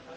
Thank you.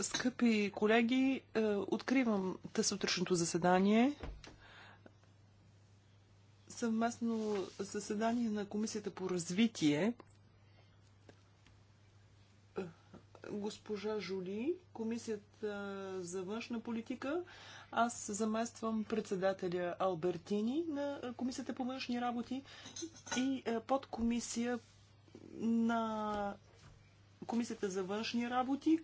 Скъпи колеги, е, откривам сутрешното заседание. Съвместно заседание на Комисията по развитие. Е, госпожа Жули, Комисията за външна политика. Аз замествам председателя Албертини на Комисията по външни работи и е, подкомисия на Комисията за външни работи,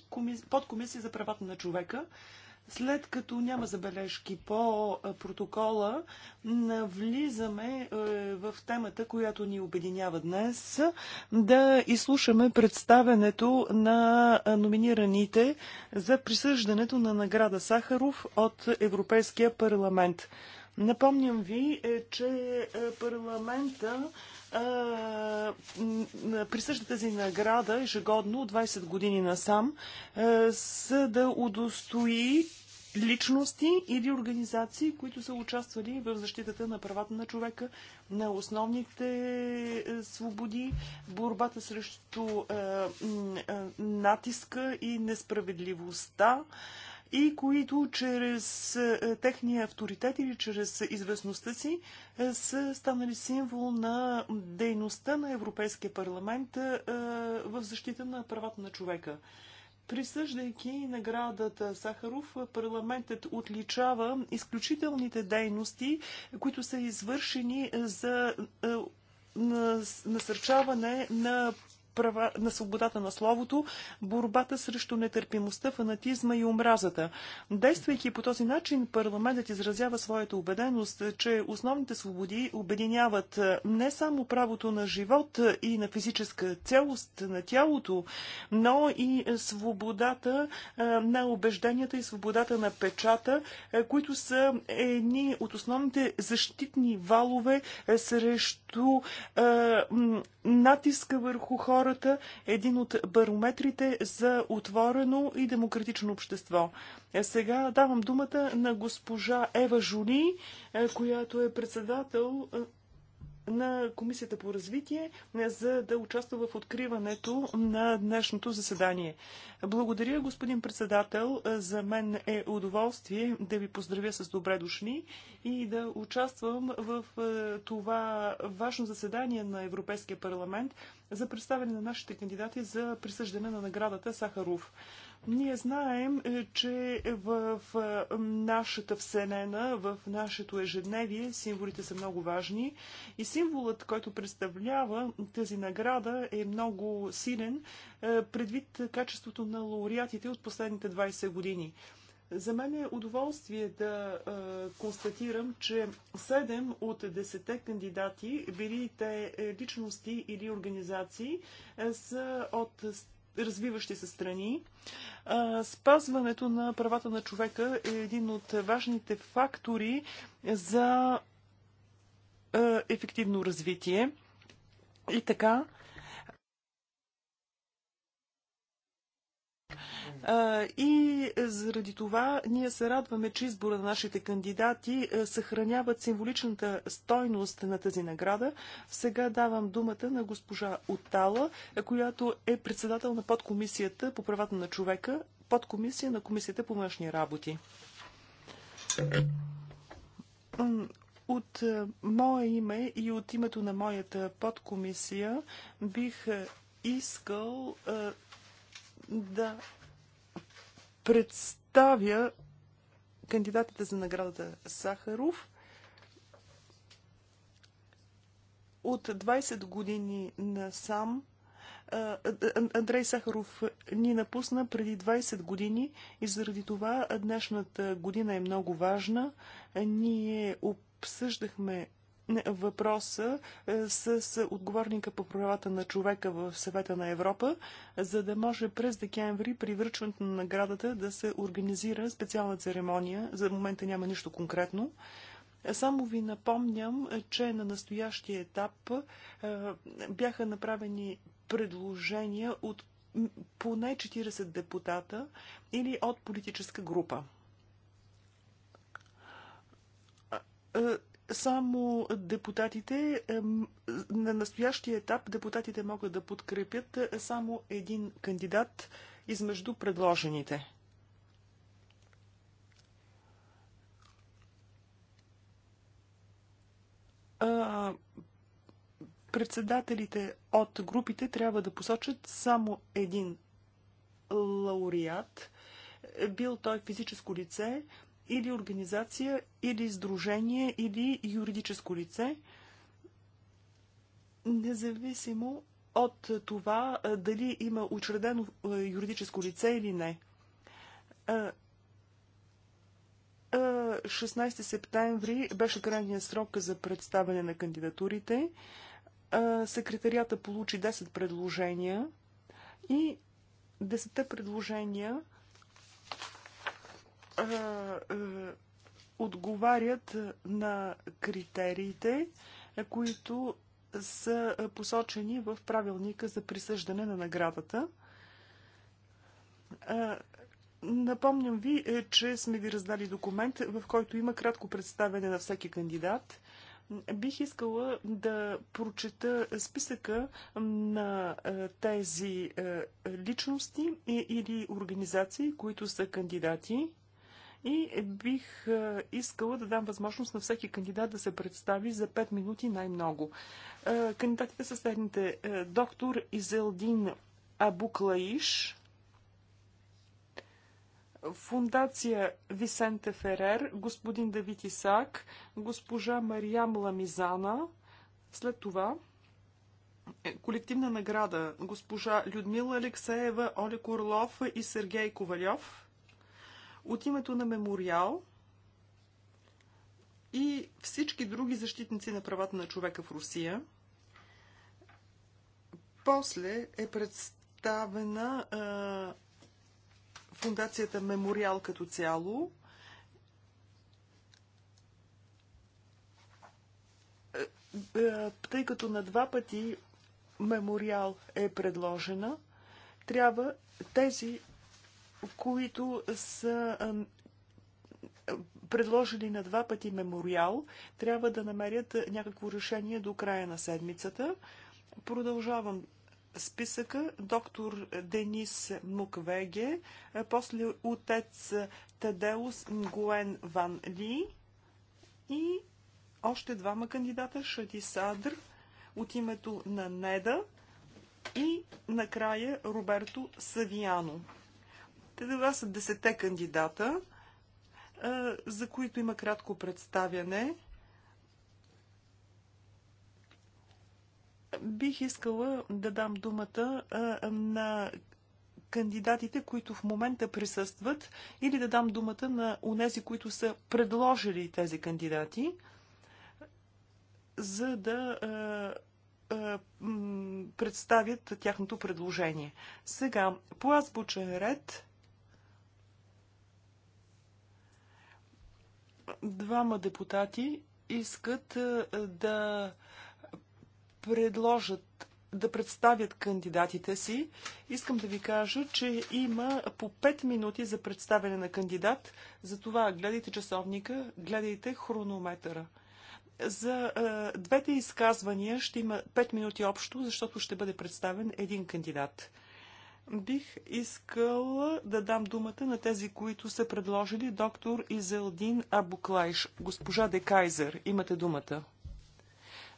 подкомисия за правата на човека. След като няма забележки по протокола, навлизаме е, в темата, която ни обединява днес, да изслушаме представенето на номинираните за присъждането на награда Сахаров от Европейския парламент. Напомням ви, е, че е, парламента е, присъжда тази награда ежегодно от 20 години насам, за да удостои личности или организации, които са участвали в защитата на правата на човека, на основните свободи, борбата срещу натиска и несправедливостта и които чрез е, техния авторитет или чрез известността си е, са станали символ на дейността на Европейския парламент е, в защита на правата на човека. Присъждайки наградата Сахаров, парламентът отличава изключителните дейности, които са извършени за насърчаване на права, на свободата на словото, борбата срещу нетърпимостта, фанатизма и омразата. Действайки по този начин, парламентът изразява своята убеденост, че основните свободи обединяват е, не само правото на живот е, и на физическа целост на тялото, но и свободата е, на убежденията и свободата на печата, които са едни от основните защитни валове срещу натиска върху хора, хората един от барометрите за отворено и демократично общество. Е, сега давам думата на госпожа Ева Жули, е, която е председател е, на Комисията по развитие, е, за да участва в откриването на днешното заседание. Благодаря, господин председател. Е, за мен е удоволствие да ви поздравя с добре дошли и да участвам в е, това важно заседание на Европейския парламент за представяне на нашите кандидати за присъждане на наградата Сахаров. Ние знаем, е, че в е, нашата вселена, в нашето ежедневие, символите са много важни и символът, който представлява тази награда е много силен е, предвид качеството на лауреатите от последните 20 години. За мен е удоволствие да констатирам, че 7 от 10 кандидати, били те личности или организации, са от развиващи се страни. Спазването на правата на човека е един от важните фактори за ефективно развитие. И така, И е, заради това ние се радваме, че избора на нашите кандидати е, съхраняват символичната стойност на тази награда. Сега давам думата на госпожа Отала, е, която е председател на подкомисията по правата на човека, подкомисия на Комисията по външни работи. От мое име и от името на моята подкомисия бих искал да представя кандидатите за наградата Сахаров от 20 години насам. Андрей Сахаров ни напусна преди 20 години и заради това днешната година е много важна. Ние обсъждахме въпроса е, с отговорника по правата на човека в съвета на Европа, за да може през декември при връчването на наградата да се организира специална церемония. За момента няма нищо конкретно. Само ви напомням, че на настоящия етап е, бяха направени предложения от поне 40 депутата или от политическа група е, само депутатите, на настоящия етап депутатите могат да подкрепят само един кандидат измежду предложените. председателите от групите трябва да посочат само един лауреат, бил той физическо лице, или организация, или сдружение, или юридическо лице, независимо от това дали има учредено юридическо лице или не. 16 септември беше крайния срок за представяне на кандидатурите. Секретарията получи 10 предложения и 10 предложения – отговарят на критериите, които са посочени в правилника за присъждане на наградата. Напомням ви, е, че сме ви раздали документ, в който има кратко представяне на всеки кандидат. Бих искала да прочета списъка на тези личности или организации, които са кандидати. И бих е, искала да дам възможност на всеки кандидат да се представи за 5 минути най-много. Е, кандидатите са следните. Е, доктор Изелдин Абуклаиш, Фундация Висенте Ферер, господин Давид Исак, госпожа Мариам Ламизана. След това колективна награда госпожа Людмила Алексеева, Олег Орлов и Сергей Ковалев от името на Мемориал и всички други защитници на правата на човека в Русия. После е представена а, фундацията Мемориал като цяло. Е, е, тъй като на два пъти Мемориал е предложена, трябва тези които са предложили на два пъти мемориал, трябва да намерят някакво решение до края на седмицата. Продължавам списъка. Доктор Денис Муквеге, после отец Тадеус Нгуен Ван Ли и още двама кандидата Шади Садр от името на Неда и накрая Роберто Савиано. Това са десете кандидата, за които има кратко представяне. Бих искала да дам думата на кандидатите, които в момента присъстват, или да дам думата на унези, които са предложили тези кандидати, за да представят тяхното предложение. Сега, по азбучен ред, двама депутати искат е, да предложат да представят кандидатите си. Искам да ви кажа, че има по 5 минути за представяне на кандидат. Затова гледайте часовника, гледайте хронометъра. За е, двете изказвания ще има 5 минути общо, защото ще бъде представен един кандидат. Бих искал да дам думата на тези, които са предложили доктор Изелдин Абуклайш. Госпожа Де Кайзер, имате думата.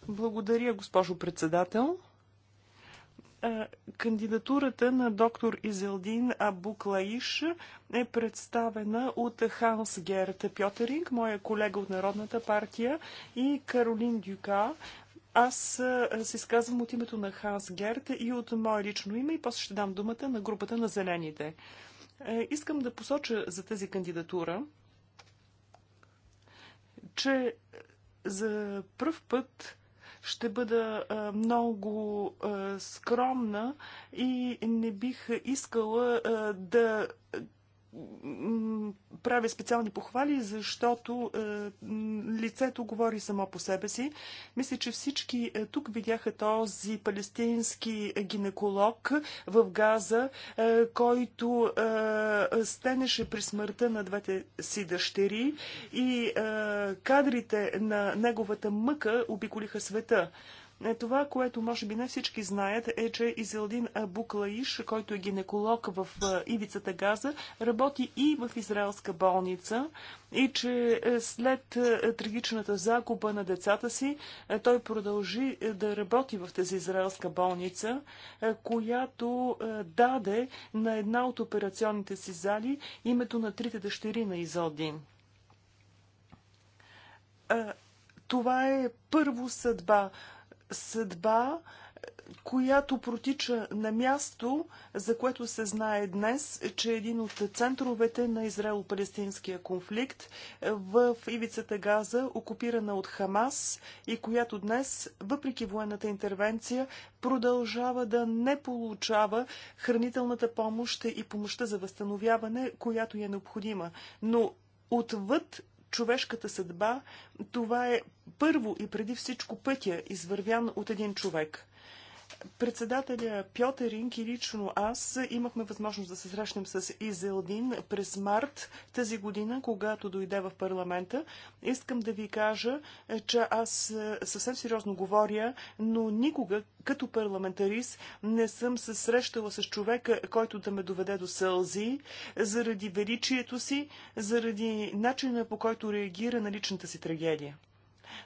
Благодаря, госпожо председател. Кандидатурата на доктор Изелдин Абуклаиш е представена от Ханс Герт Пьотеринг, моя колега от Народната партия, и Каролин Дюка, аз се изказвам от името на Ханс Герт и от мое лично име и после ще дам думата на групата на зелените. Е, искам да посоча за тази кандидатура, че за пръв път ще бъда много скромна и не бих искала да правя специални похвали, защото е, лицето говори само по себе си. Мисля, че всички е, тук видяха този палестински гинеколог в Газа, е, който е, стенеше при смъртта на двете си дъщери и е, кадрите на неговата мъка обиколиха света. Е, е, това, което може би не всички знаят, е, че Изелдин Буклаиш, който е гинеколог в е, Ивицата Газа, работи и в израелска болница и че е, след трагичната закупа на децата си, той продължи да работи в тази израелска болница, която даде на една от операционните си зали името на трите дъщери на Изелдин. Това е първо съдба съдба, която протича на място, за което се знае днес, че е един от центровете на Израел-Палестинския конфликт в ивицата Газа, окупирана от Хамас и която днес, въпреки военната интервенция, продължава да не получава хранителната помощ и помощта за възстановяване, която е необходима. Но отвъд човешката съдба, това е първо и преди всичко пътя, извървян от един човек. Председателя Пьотеринг и лично аз имахме възможност да се срещнем с Изелдин през март тази година, когато дойде в парламента. Искам да ви кажа, е, че аз е, съвсем сериозно говоря, но никога като парламентарист не съм се срещала с човека, който да ме доведе до сълзи, заради величието си, заради начина по който реагира на личната си трагедия.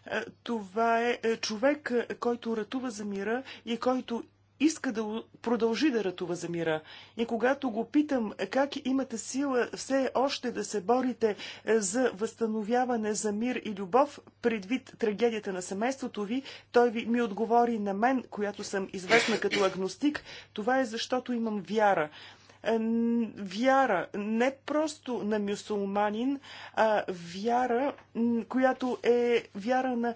Е, това е, е човек, е, който ратува за мира и който иска да продължи да ратува за мира. И когато го питам как имате сила все още да се борите за възстановяване за мир и любов, предвид трагедията на семейството ви, той ви, ми отговори на мен, която съм известна като агностик, това е защото имам вяра вяра не просто на мюсулманин, а вяра, която е вяра на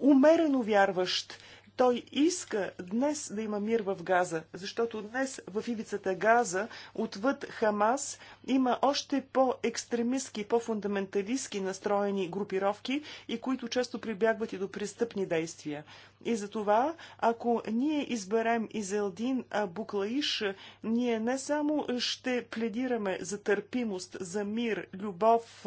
умерено вярващ той иска днес да има мир в Газа, защото днес в ивицата Газа, отвъд Хамас, има още по-екстремистски, по-фундаменталистски настроени групировки и които често прибягват и до престъпни действия. И за това, ако ние изберем Изелдин Буклаиш, ние не само ще пледираме за търпимост, за мир, любов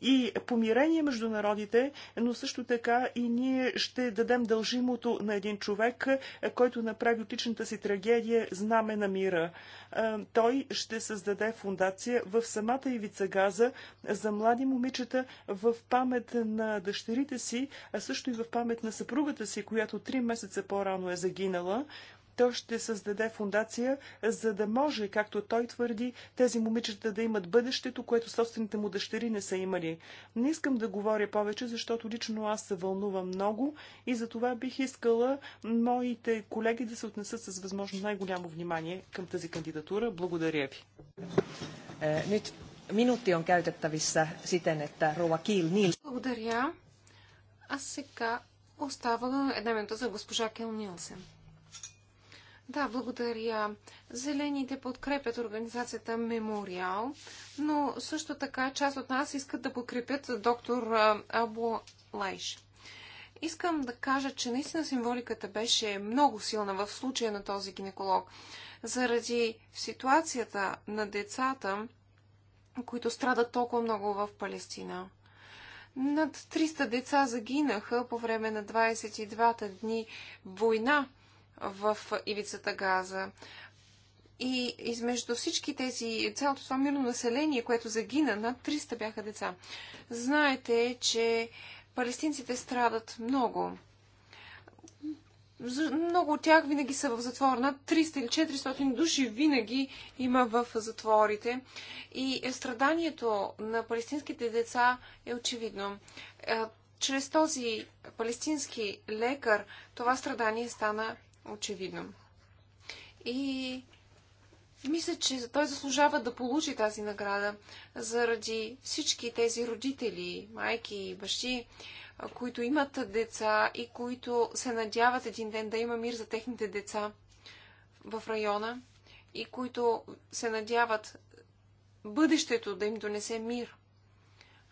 и помирение между народите, но също така и ние ще дадем дължимото на един един човек, е, който направи от личната си трагедия знаме на мира. Е, той ще създаде фундация в самата ивица Газа за млади момичета в памет на дъщерите си, а също и в памет на съпругата си, която три месеца по-рано е загинала то ще създаде фундация, за да може, както той твърди, тези момичета да имат бъдещето, което собствените му дъщери не са имали. Не искам да говоря повече, защото лично аз се вълнувам много и за това бих искала моите колеги да се отнесат с възможно най-голямо внимание към тази кандидатура. Благодаря ви. Минути е, on käytettävissä siten, että Кил Kiil Благодаря. А сега остава една минута за госпожа Кил Нилсен. Да, благодаря. Зелените подкрепят организацията Мемориал, но също така част от нас искат да подкрепят доктор Або Лайш. Искам да кажа, че наистина символиката беше много силна в случая на този гинеколог. Заради ситуацията на децата, които страдат толкова много в Палестина. Над 300 деца загинаха по време на 22-та дни война в ивицата Газа. И измежду всички тези, цялото това мирно население, което загина, над 300 бяха деца. Знаете, че палестинците страдат много. Много от тях винаги са в затвор. Над 300 или 400 души винаги има в затворите. И страданието на палестинските деца е очевидно. Е, чрез този палестински лекар това страдание стана очевидно. И мисля, че той заслужава да получи тази награда заради всички тези родители, майки и бащи, които имат деца и които се надяват един ден да има мир за техните деца в района и които се надяват бъдещето да им донесе мир.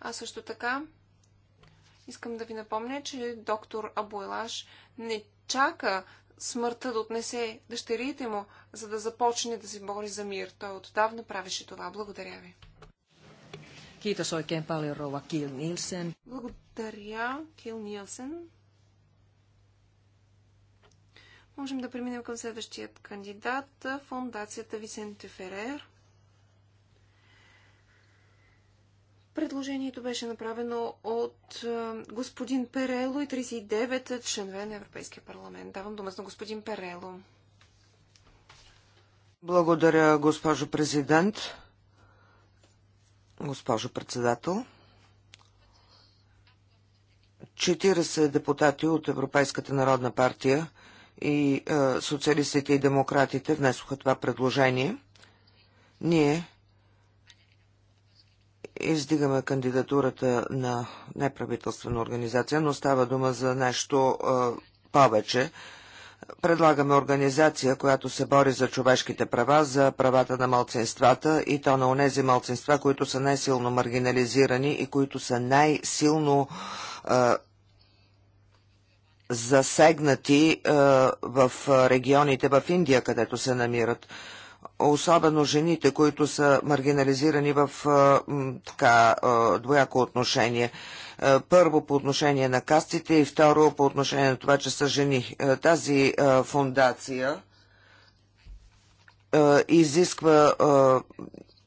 А също така искам да ви напомня, че доктор Абуелаш не чака смъртта да отнесе дъщерите му, за да започне да се бори за мир. Той отдавна правеше това. Благодаря ви. Kiitos oikein paljon, rouva Благодаря, Кил Нилсен. Можем да преминем към следващият кандидат, фундацията Висенте Ферер. Предложението беше направено от е, господин Перело и 39 членове на Европейския парламент. Давам думата на господин Перело. Благодаря, госпожо президент. Госпожо председател. 40 депутати от Европейската народна партия и е, социалистите и демократите внесоха това предложение. Ние издигаме кандидатурата на неправителствена организация, но става дума за нещо а, повече. Предлагаме организация, която се бори за човешките права, за правата на малцинствата и то на онези малцинства, които са най-силно маргинализирани и които са най-силно засегнати а, в регионите в Индия, където се намират особено жените, които са маргинализирани в така двояко отношение. Първо по отношение на кастите и второ по отношение на това, че са жени. Тази фундация изисква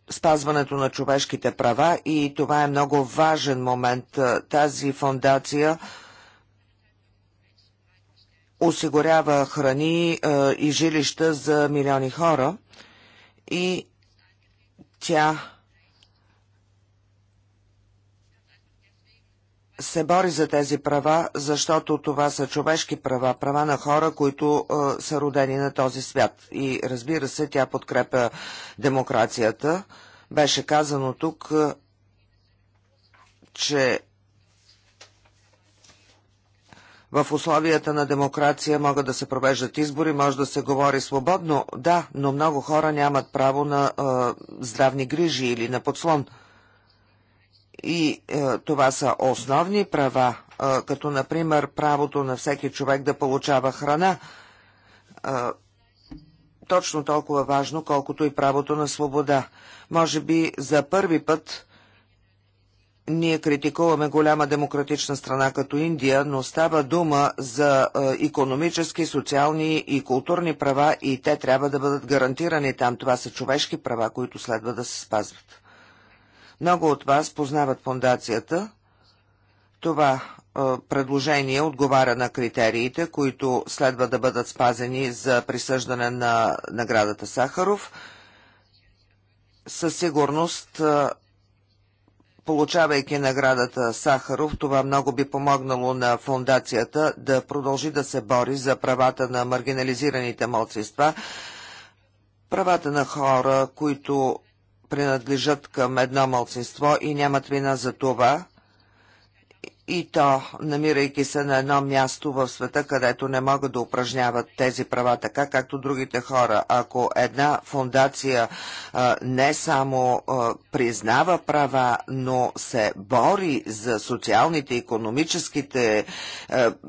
спазването на човешките права и това е много важен момент. Тази фундация осигурява храни и жилища за милиони хора – и тя се бори за тези права, защото това са човешки права, права на хора, които е, са родени на този свят. И разбира се, тя подкрепя демокрацията. Беше казано тук, че в условията на демокрация могат да се провеждат избори, може да се говори свободно, да, но много хора нямат право на а, здравни грижи или на подслон. И е, това са основни права, е, като например правото на всеки човек да получава храна. Е, точно толкова важно, колкото и правото на свобода. Може би за първи път ние критикуваме голяма демократична страна като Индия, но става дума за економически, социални и културни права и те трябва да бъдат гарантирани там. Това са човешки права, които следва да се спазват. Много от вас познават фундацията. Това е, предложение отговаря на критериите, които следва да бъдат спазени за присъждане на наградата Сахаров. Със сигурност е, получавайки наградата Сахаров, това много би помогнало на фундацията да продължи да се бори за правата на маргинализираните младсинства, правата на хора, които принадлежат към едно младсинство и нямат вина за това, и то намирайки се на едно място в света, където не могат да упражняват тези права така, както другите хора. Ако една фундация не само признава права, но се бори за социалните, економическите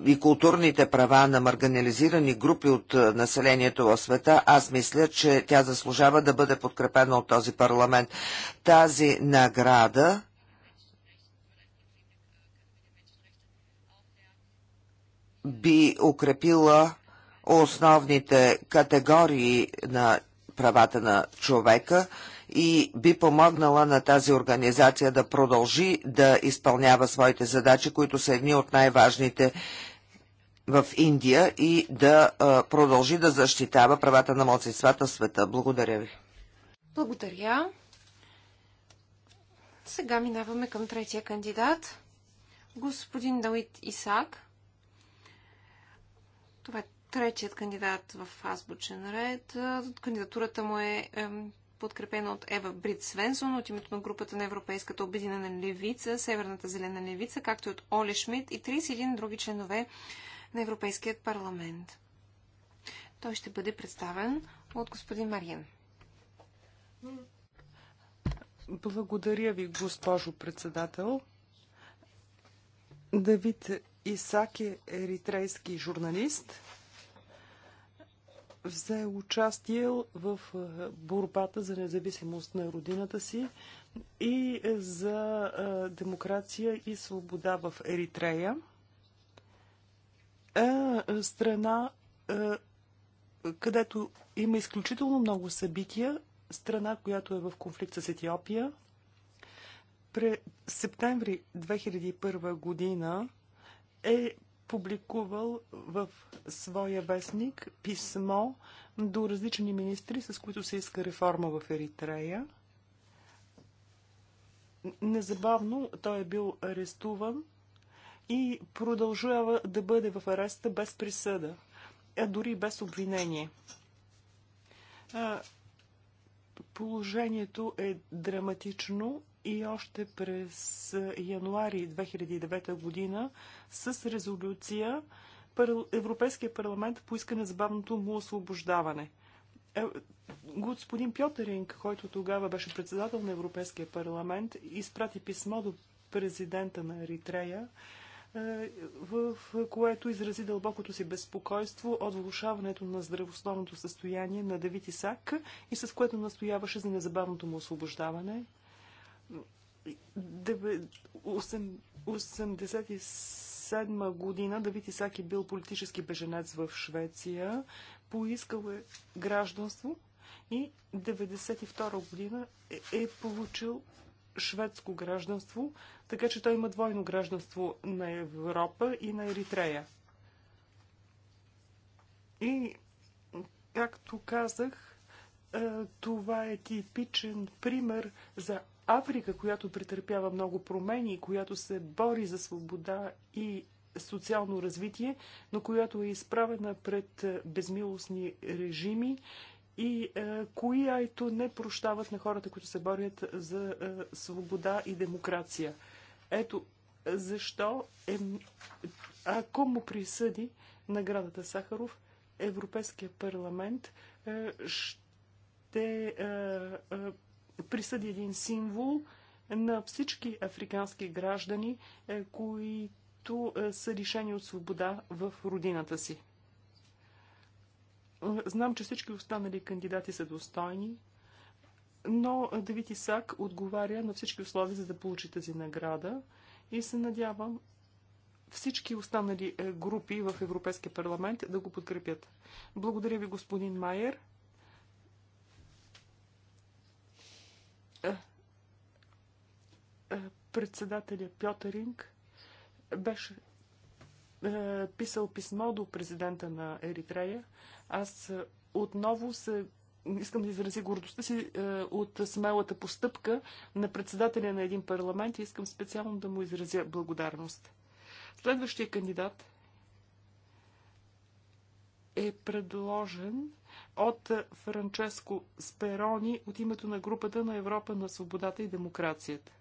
и културните права на марганализирани групи от населението в света, аз мисля, че тя заслужава да бъде подкрепена от този парламент. Тази награда би укрепила основните категории на правата на човека и би помогнала на тази организация да продължи да изпълнява своите задачи, които са едни от най-важните в Индия и да продължи да защитава правата на младсинствата в света. Благодаря ви. Благодаря. Сега минаваме към третия кандидат. Господин Далит Исак. Това е третият кандидат в азбучен ред. Кандидатурата му е подкрепена от Ева Брит Свенсон от името на групата на Европейската обединена левица, Северната зелена левица, както и от Оле Шмидт и 31 други членове на Европейският парламент. Той ще бъде представен от господин Мариен. Благодаря ви, госпожо председател. Давид Исак е еритрейски журналист. Взе участие в е, борбата за независимост на родината си и за е, демокрация и свобода в Еритрея. Е, е страна, където има изключително много събития, страна, която е в конфликт с Етиопия. През септември 2001 година е публикувал в своя вестник писмо до различни министри, с които се иска реформа в Еритрея. Незабавно той е бил арестуван и продължава да бъде в ареста без присъда, а дори без обвинение. Положението е драматично и още през януари 2009 година с резолюция Европейския парламент поиска незабавното му освобождаване. Е, господин Пьотеринг, който тогава беше председател на Европейския парламент, изпрати писмо до президента на Еритрея, е, в което изрази дълбокото си безпокойство от влушаването на здравословното състояние на Давид Исак и с което настояваше за незабавното му освобождаване. 1987 година Давид Исаки е бил политически беженец в Швеция, поискал е гражданство и 1992 година е, е получил шведско гражданство, така че той има двойно гражданство на Европа и на Еритрея. И, както казах, е, това е типичен пример за Африка, която претърпява много промени, която се бори за свобода и социално развитие, но която е изправена пред е, безмилостни режими и е, която не прощават на хората, които се борят за е, свобода и демокрация. Ето защо, е, ако му присъди наградата Сахаров, Европейския парламент е, ще е, е, присъди един символ на всички африкански граждани, е, които е, са лишени от свобода в родината си. Е, знам, че всички останали кандидати са достойни, но Давид Исак отговаря на всички условия, за да получи тази награда и се надявам всички останали групи в Европейския парламент да го подкрепят. Благодаря ви, господин Майер. Е, е, председателя Пьотеринг беше е, писал писмо до президента на Еритрея. Аз отново се искам да изрази гордостта си е, от смелата постъпка на председателя на един парламент и искам специално да му изразя благодарност. Следващия кандидат е предложен от Франческо Сперони от името на групата на Европа на свободата и демокрацията.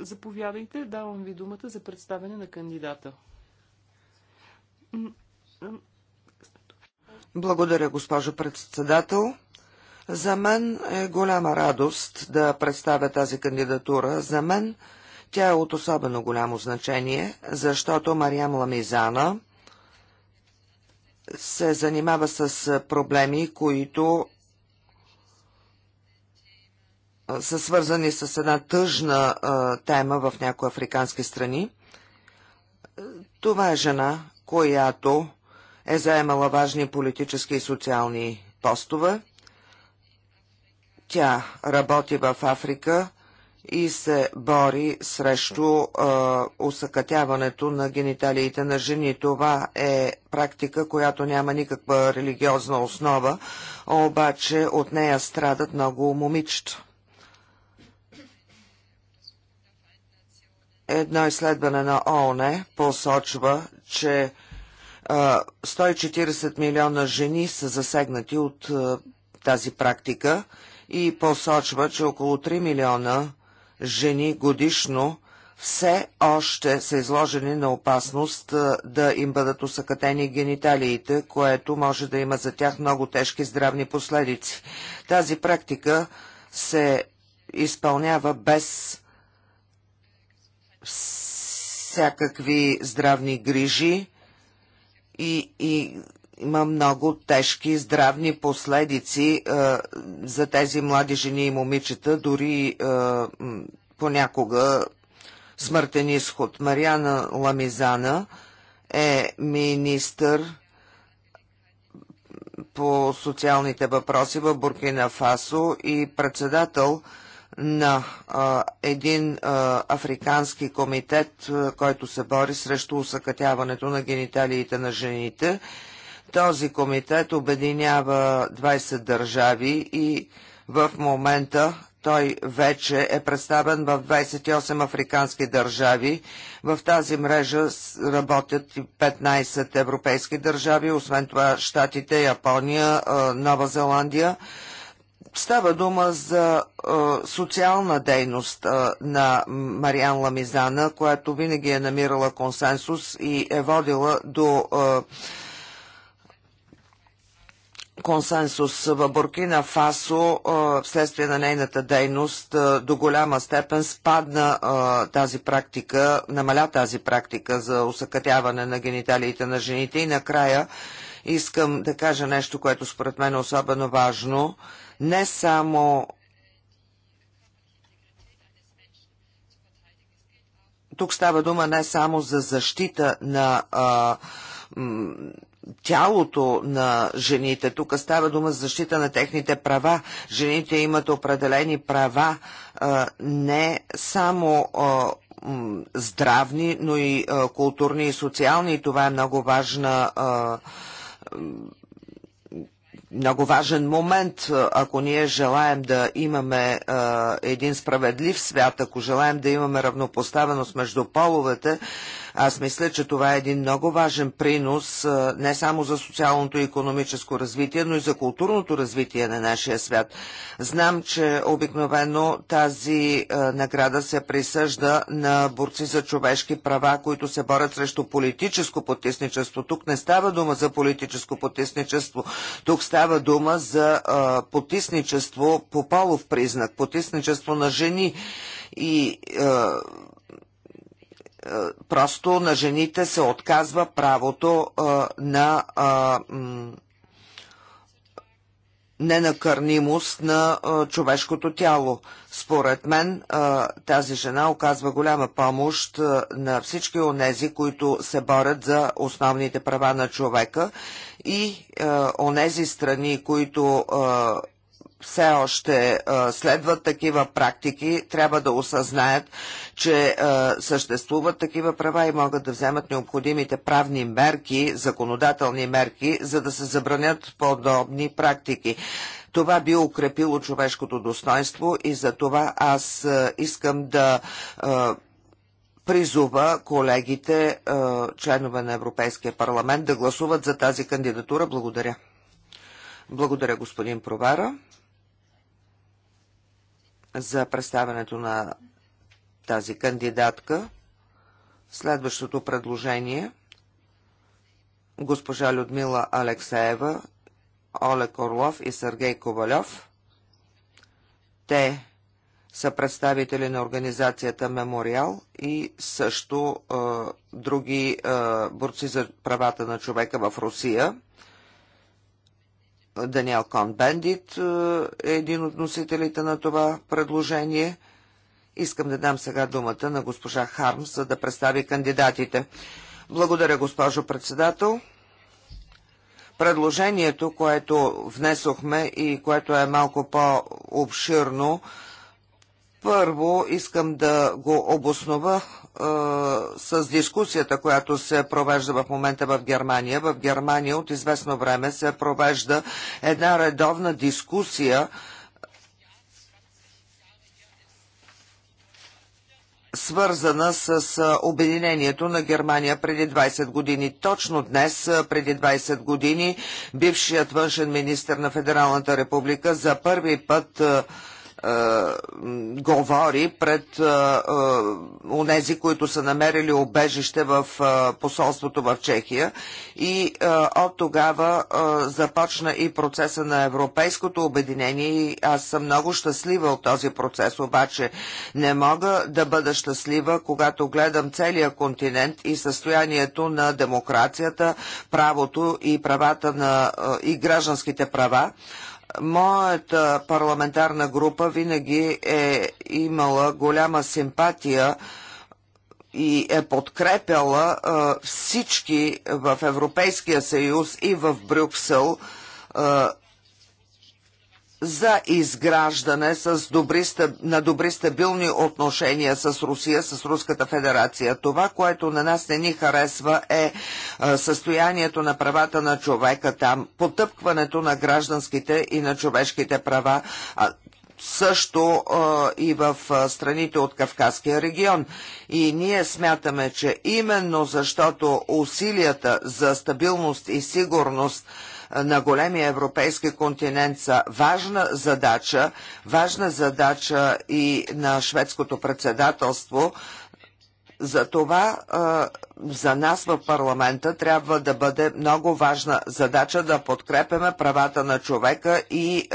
Заповядайте, давам ви думата за представяне на кандидата. Благодаря, госпожо председател. За мен е голяма радост да представя тази кандидатура. За мен тя е от особено голямо значение, защото Мариам Ламизана – се занимава с проблеми, които са свързани с една тъжна тема в някои африкански страни. Това е жена, която е заемала важни политически и социални постове. Тя работи в Африка – и се бори срещу а, усъкътяването на гениталиите на жени. Това е практика, която няма никаква религиозна основа, обаче от нея страдат много момичета. Едно изследване на ООН посочва, че а, 140 милиона жени са засегнати от а, тази практика и посочва, че около 3 милиона жени годишно все още са изложени на опасност да им бъдат усъкътени гениталиите, което може да има за тях много тежки здравни последици. Тази практика се изпълнява без всякакви здравни грижи и, и има много тежки здравни последици е, за тези млади жени и момичета, дори е, понякога смъртен изход. Мариана Ламизана е министър по социалните въпроси в Буркина Фасо и председател на а, е, един а, е, африкански комитет, а, е, който се бори срещу усъкътяването на гениталиите на жените. Този комитет обединява 20 държави и в момента той вече е представен в 28 африкански държави. В тази мрежа работят 15 европейски държави, освен това Штатите, Япония, Нова Зеландия. Става дума за е, социална дейност е, на Мариан Ламизана, която винаги е намирала консенсус и е водила до е, консенсус в Буркина Фасо вследствие на нейната дейност до голяма степен спадна тази практика, намаля тази практика за усъкътяване на гениталиите на жените и накрая искам да кажа нещо, което според мен е особено важно. Не само тук става дума не само за защита на а, тялото на жените. Тук става дума за защита на техните права. Жените имат определени права не само здравни, но и културни и социални. това е много важна много важен момент, ако ние желаем да имаме а, един справедлив свят, ако желаем да имаме равнопоставеност между половете, аз мисля, че това е един много важен принос не само за социалното и економическо развитие, но и за културното развитие на нашия свят. Знам, че обикновено тази награда се присъжда на борци за човешки права, които се борят срещу политическо потисничество. Тук не става дума за политическо потисничество. Тук става дума за потисничество по полов признак, потисничество на жени. И е, е, просто на жените се отказва правото е, на е, ненакърнимост на а, човешкото тяло. Според мен а, тази жена оказва голяма помощ а, на всички онези, които се борят за основните права на човека и онези страни, които все още следват такива практики, трябва да осъзнаят, че съществуват такива права и могат да вземат необходимите правни мерки, законодателни мерки, за да се забранят подобни практики. Това би укрепило човешкото достоинство и за това аз искам да призова колегите, членове на Европейския парламент, да гласуват за тази кандидатура. Благодаря. Благодаря, господин Провара за представянето на тази кандидатка. Следващото предложение госпожа Людмила Алексаева, Олег Орлов и Сергей Ковалев. Те са представители на организацията Мемориал и също е, други е, борци за правата на човека в Русия. Даниел Кон Бендит е, е един от носителите на това предложение. Искам да дам сега думата на госпожа Хармс, за да представи кандидатите. Благодаря, госпожо председател. Предложението, което внесохме и което е малко по-обширно, първо искам да го обоснова е, с дискусията, която се провежда в момента в Германия. В Германия от известно време се провежда една редовна дискусия свързана с е, обединението на Германия преди 20 години. Точно днес, е, преди 20 години, бившият външен министр на Федералната република за първи път е, е, говори пред е, е, онези, които са намерили обежище в посолството в Чехия. И от тогава започна и процеса на европейското обединение и аз съм много щастлива от този процес, обаче не мога да бъда щастлива, когато гледам целия континент и състоянието на демокрацията, правото и правата на и гражданските права Моята парламентарна група винаги е имала голяма симпатия и е подкрепяла всички в Европейския съюз и в Брюксел за изграждане с добри, на добри стабилни отношения с Русия, с Руската федерация. Това, което на нас не ни харесва е, е състоянието на правата на човека там, потъпкването на гражданските и на човешките права, също е, и в е, страните от Кавказския регион. И ние смятаме, че именно защото усилията за стабилност и сигурност – на големия европейски континент са важна задача, важна задача и на шведското председателство. За това за нас в парламента трябва да бъде много важна задача да подкрепяме правата на човека и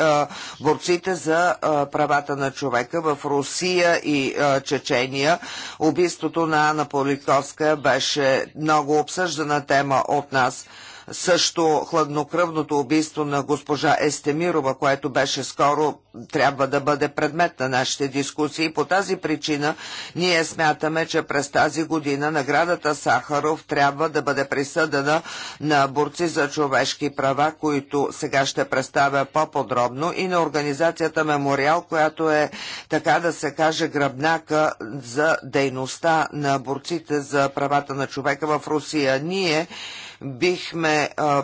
борците за правата на човека в Русия и Чечения. Убийството на Ана Политковска беше много обсъждана тема от нас. Също хладнокръвното убийство на госпожа Естемирова, което беше скоро, трябва да бъде предмет на нашите дискусии. По тази причина ние смятаме, че през тази година наградата Сахаров трябва да бъде присъдена на борци за човешки права, които сега ще представя по-подробно, и на организацията Мемориал, която е, така да се каже, гръбнака за дейността на борците за правата на човека в Русия. Ние бихме а,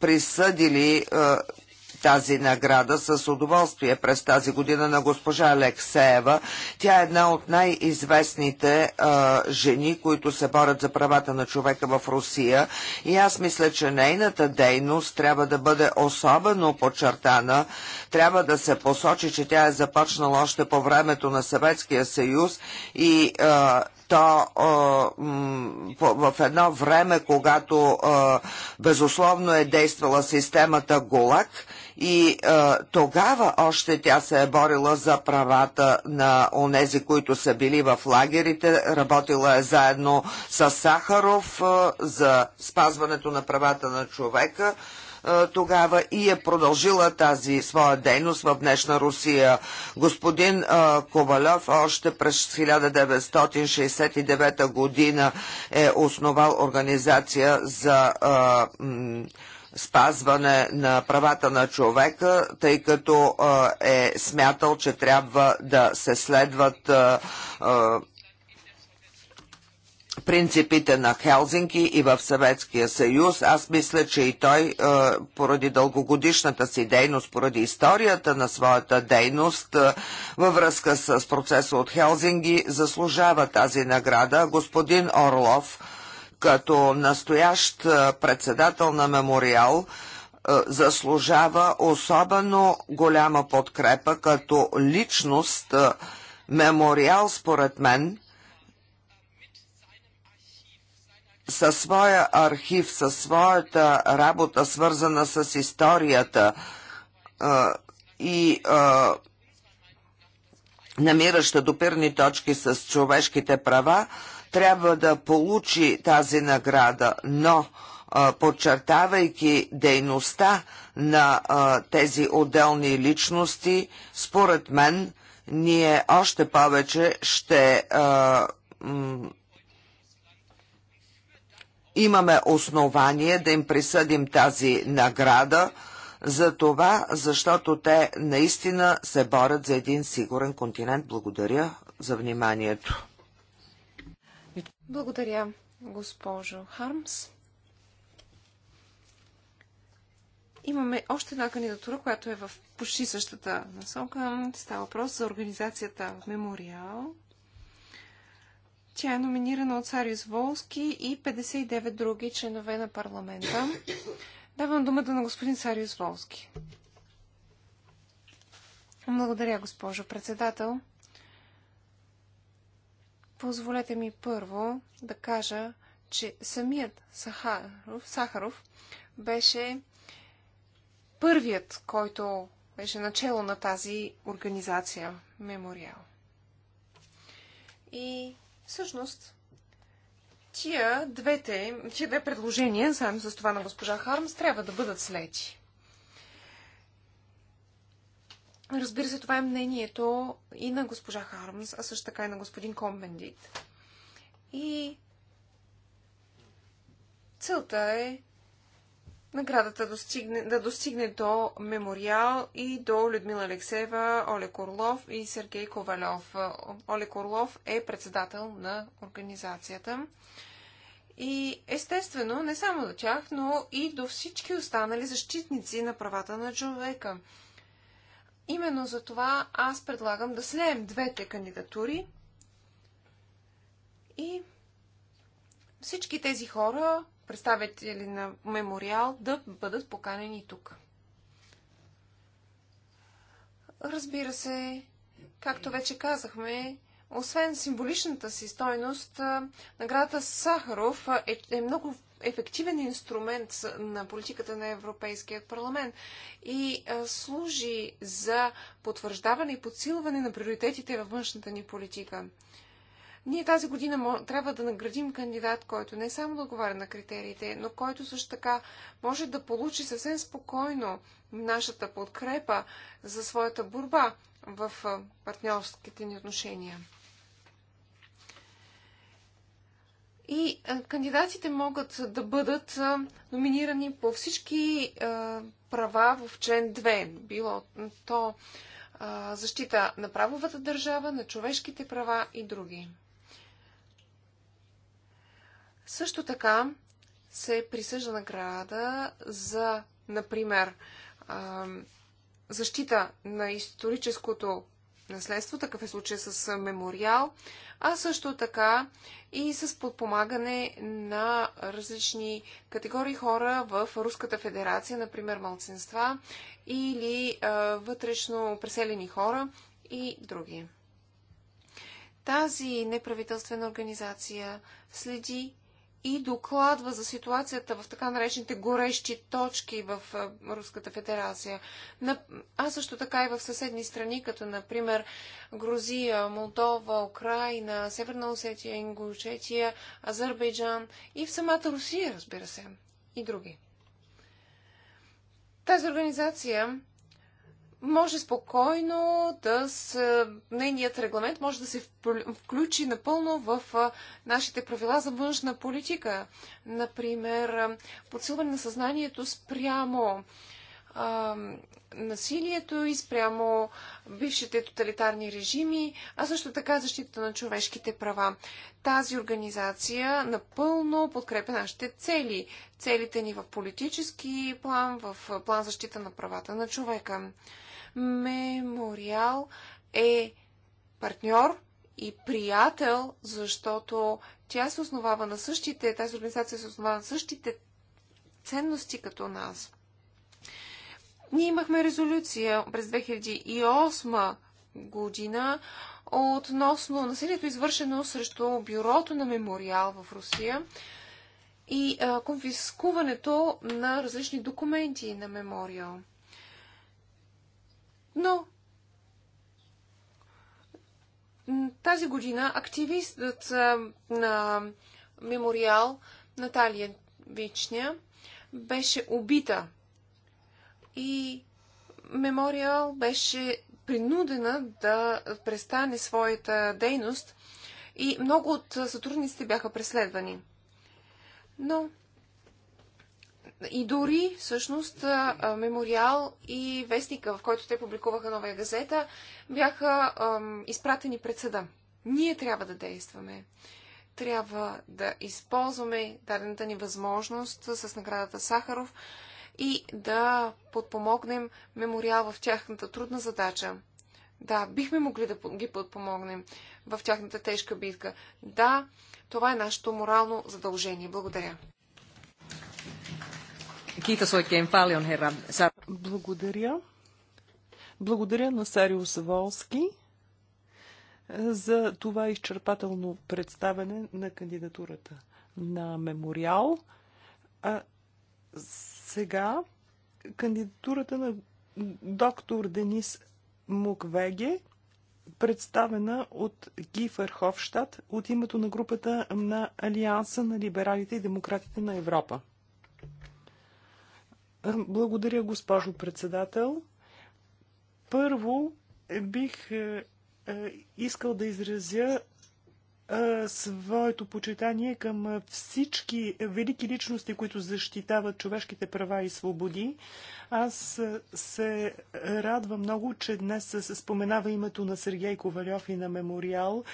присъдили а, тази награда с удоволствие през тази година на госпожа Алексеева. Тя е една от най-известните жени, които се борят за правата на човека в Русия и аз мисля, че нейната дейност трябва да бъде особено подчертана. Трябва да се посочи, че тя е започнала още по времето на Съветския съюз и а, то в едно време, когато безусловно е действала системата ГОЛАК и тогава още тя се е борила за правата на онези, които са били в лагерите, работила е заедно с Сахаров за спазването на правата на човека тогава и е продължила тази своя дейност в днешна Русия. Господин Ковалев още през 1969 година е основал организация за спазване на правата на човека, тъй като е смятал, че трябва да се следват принципите на Хелзинки и в Съветския съюз. Аз мисля, че и той е, поради дългогодишната си дейност, поради историята на своята дейност е, във връзка с процеса от Хелзинги заслужава тази награда. Господин Орлов, като настоящ е, председател на мемориал, заслужава особено голяма подкрепа като личност. Мемориал, според мен, със своя архив, със своята работа, свързана с историята а, и а, намираща допирни точки с човешките права, трябва да получи тази награда, но а, подчертавайки дейността на а, тези отделни личности, според мен, ние още повече ще а, имаме основание да им присъдим тази награда за това, защото те наистина се борят за един сигурен континент. Благодаря за вниманието. Благодаря, госпожо Хармс. Имаме още една кандидатура, която е в почти същата насока. Става въпрос за организацията Мемориал. Тя е номинирана от Сариус Волски и 59 други членове на парламента. Давам думата на господин Сариус Волски. Благодаря, госпожо председател. Позволете ми първо да кажа, че самият Сахаров, Сахаров беше първият, който беше начало на тази организация Мемориал. И Всъщност, тия, двете, тия две предложения, заедно с това на госпожа Хармс, трябва да бъдат следи. Разбира се, това е мнението и на госпожа Хармс, а също така и на господин Комбендит. И целта е наградата достигне, да достигне до мемориал и до Людмила Алексеева, Олег Орлов и Сергей Ковалев. Олег Орлов е председател на организацията. И естествено, не само до тях, но и до всички останали защитници на правата на човека. Именно за това аз предлагам да слеем двете кандидатури и всички тези хора представители на мемориал да бъдат поканени тук. Разбира се, както вече казахме, освен символичната си стойност, наградата Сахаров е, е много ефективен инструмент на политиката на Европейския парламент и служи за потвърждаване и подсилване на приоритетите във външната ни политика. Ние тази година трябва да наградим кандидат, който не само да отговаря на критериите, но който също така може да получи съвсем спокойно нашата подкрепа за своята борба в партньорските ни отношения. И кандидатите могат да бъдат номинирани по всички права в член 2, било то защита на правовата държава, на човешките права и други. Също така се присъжда награда за, например, защита на историческото наследство, такъв е случай с мемориал, а също така и с подпомагане на различни категории хора в Руската федерация, например малцинства или вътрешно преселени хора и други. Тази неправителствена организация следи и докладва за ситуацията в така наречените горещи точки в Руската федерация. А също така и в съседни страни, като например Грузия, Молдова, Украина, Северна Осетия, Ингушетия, Азербайджан и в самата Русия, разбира се, и други. Тази организация може спокойно да с нейният регламент може да се включи напълно в нашите правила за външна политика. Например, подсилване на съзнанието спрямо а, насилието и спрямо бившите тоталитарни режими, а също така защита на човешките права. Тази организация напълно подкрепя нашите цели. Целите ни в политически план, в план защита на правата на човека. Мемориал е партньор и приятел, защото тя се основава на същите, тази организация се основава на същите ценности като нас. Ние имахме резолюция през 2008 година относно насилието извършено срещу бюрото на мемориал в Русия и а, конфискуването на различни документи на мемориал. Но тази година активистът на мемориал Наталия Вичня беше убита и мемориал беше принудена да престане своята дейност и много от сътрудниците бяха преследвани. Но и дори, всъщност, Мемориал и Вестника, в който те публикуваха новия газета, бяха ам, изпратени пред съда. Ние трябва да действаме. Трябва да използваме дадената ни възможност с наградата Сахаров и да подпомогнем Мемориал в тяхната трудна задача. Да, бихме могли да ги подпомогнем в тяхната тежка битка. Да, това е нашето морално задължение. Благодаря. Kiitos oikein paljon, herra. Благодаря. Благодаря на Сарио Саволски за това изчерпателно представене на кандидатурата на мемориал. А сега кандидатурата на доктор Денис Муквеге, представена от Гифър Хофштадт от името на групата на Алианса на либералите и демократите на Европа. Благодаря, госпожо председател. Първо, е, бих е, е, искал да изразя своето почитание към всички велики личности, които защитават човешките права и свободи. Аз се радвам много, че днес се споменава името на Сергей Ковалев и на Мемориал,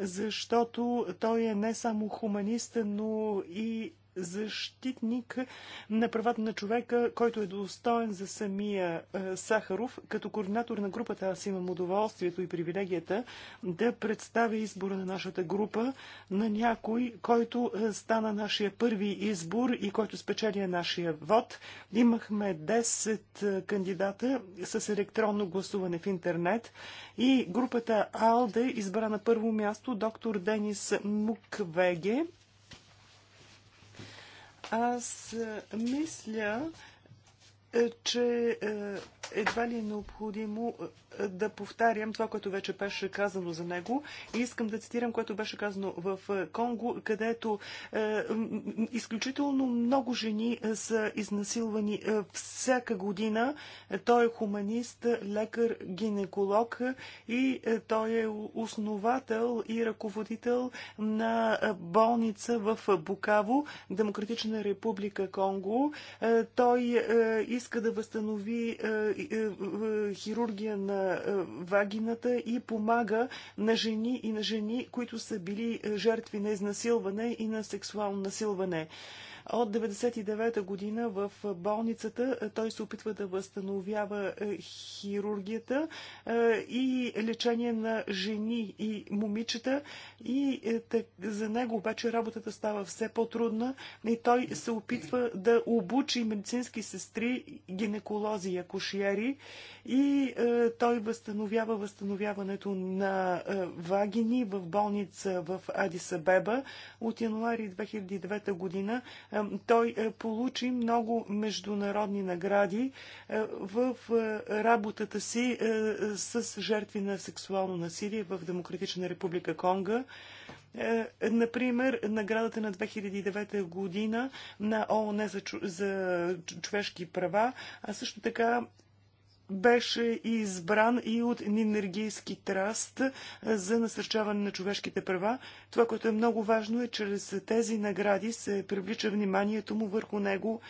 защото той е не само хуманист, но и защитник на правата на човека, който е достоен за самия е, Сахаров. Като координатор на групата аз имам удоволствието и привилегията да представя избора на нашата група на някой, който е, стана нашия първи избор и който спечели нашия вод. Имахме 10 е, кандидата с електронно гласуване в интернет и групата АЛДЕ избра на първо място доктор Денис Муквеге аз мисля, е, че е, едва ли е необходимо е, е, да повтарям това, което вече беше казано за него. И искам да цитирам, което беше казано в е, Конго, където е, изключително много жени са изнасилвани всяка година. Той е хуманист, лекар, гинеколог и той е основател и ръководител на болница в Букаво, Демократична република Конго. Той иска да възстанови е, е, хирургия на е, вагината и помага на жени и на жени, които са били жертви на изнасилване и на сексуално насилване. От 1999 година в болницата той се опитва да възстановява хирургията и лечение на жени и момичета. И е, за него обаче работата става все по-трудна и той се опитва да обучи медицински сестри, гинеколози и акушиери и е, той възстановява възстановяването на е, вагини в болница в Беба. От януари 2009 година той е, получи много международни награди е, в е, работата си с жертви на сексуално насилие в Демократична република Конга. Например, наградата на 2009 година на ООН за, човешки права, а също така беше избран и от Нинергийски траст за насърчаване на човешките права. Това, което е много важно е, чрез тези награди се привлича вниманието му върху него.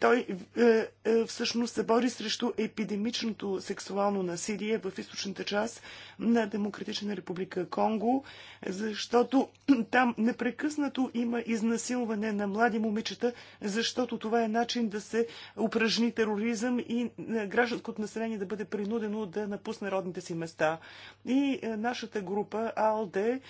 Той е, е, всъщност се бори срещу епидемичното сексуално насилие в източната част на Демократична република Конго, защото там непрекъснато има изнасилване на млади момичета, защото това е начин да се упражни тероризъм и е, гражданското население да бъде принудено да напусне родните си места. И е, нашата група АЛД е,